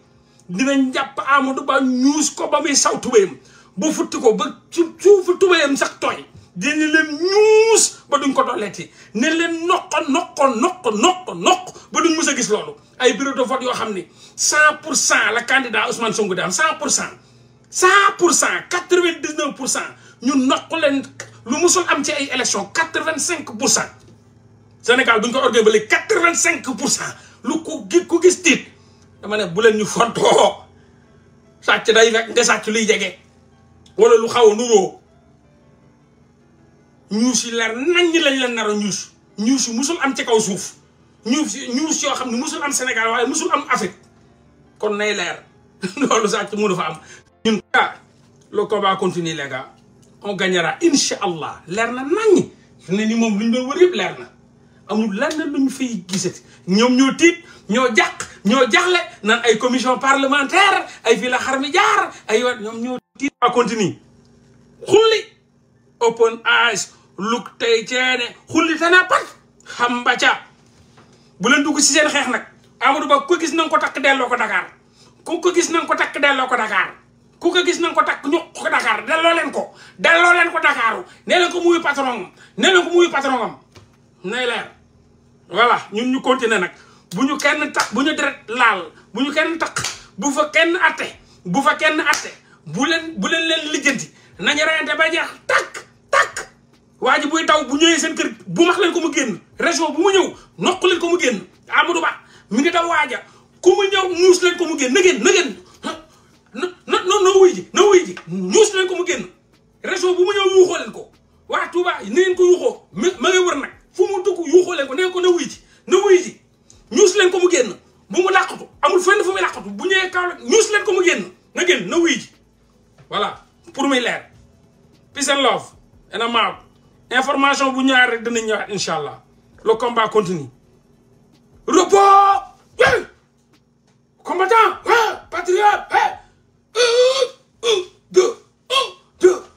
dinañ jàpp Amadou Ba ñuus ko ba muy saw tubéyam ba futti ko ba su suufu tubayam sax tooy dina leen ñuus ba duñ ko dolleeti ne leen noq noq noq noq noq ba duñ mës a gis loolu ay bureau de vote yoo xam ne cent pour cent la candidat Ousmane Sonko di am cent pour cent cent pour cent quatre vingt dix pour cent ñu noq leen lu musul am ci ay élection quatre-vingt-cinq pour cent Sénégal buñ ko orgueil ba léegi quatre-vingt-cinq pour cent lu ku gi ku gis tiit dama ne bu leen ñu fontoo sàcc day fekk nga sàcc luy jege wala lu xaw a nuroo ñuus yi leer naññ lañ leen nar a ñuus ñuus musul am ci kaw suuf ñuus ñuus yoo xam ne musul am Sénégal waaye musul am Afrique kon nay leer loolu sax ci mënu fa am ñun ah le combat continue les gars on gagnera incha allah leer na naññ ne ni moom lu ñu doon leer na amul lenn lu ñu fay gisati ñoom ñoo tiit ñoo jàq ñoo jaxle naan ay commission parlementaire ay fii la xar mi jaar ay wa ñoom ñoo tiiɗa continue hulli open eyes look ceene hullitana pat xam mbaca bu leen dugg si seen nak. nag amadou ba ku gis nanga ko takk delloo ko dakar ku ko gis nang ko takk delloo ko dakar ku ko gis nanga ko takk ñu ko dakar delloo len ko delloo len ko dakaru nee ko patron ko patron am leer voilà ñun ñu continuer nak kenn tak bu lal, deret laal kenn tak bu fa kenn atte bu fa kenn bu leen bu leen leen lijjanti nañu reyante ba jeex takk takk waa ji buy taw bu ñëwee seen kër bu max leen ko mu génn région bu mu ñëw noq leen ko mu génn Amadou Ba mi ngi daw waaja ku mu ñëw ñuus ko mu génn na génn na génn na na na wuy ji na wuy ko mu génn région bu mu ñëw yuuxoo leen ko waa Touba ni ngeen ko yuuxoo ma ngi wër nag fu mu dugg yuuxoo leen ko ne ko na wuy ji na wuy ji ñuus leen ko mu génn bu mu làqatu amul fan fu muy làqatu bu ñëwee kaw ñuus leen ko mu génn na génn na wuy ji voilà pour muy leer peace and love and I'm out information bu ñëwaat rek dinañ ñëwaat incha allah le combat continue repos oui combattant oui patriote oui un un deux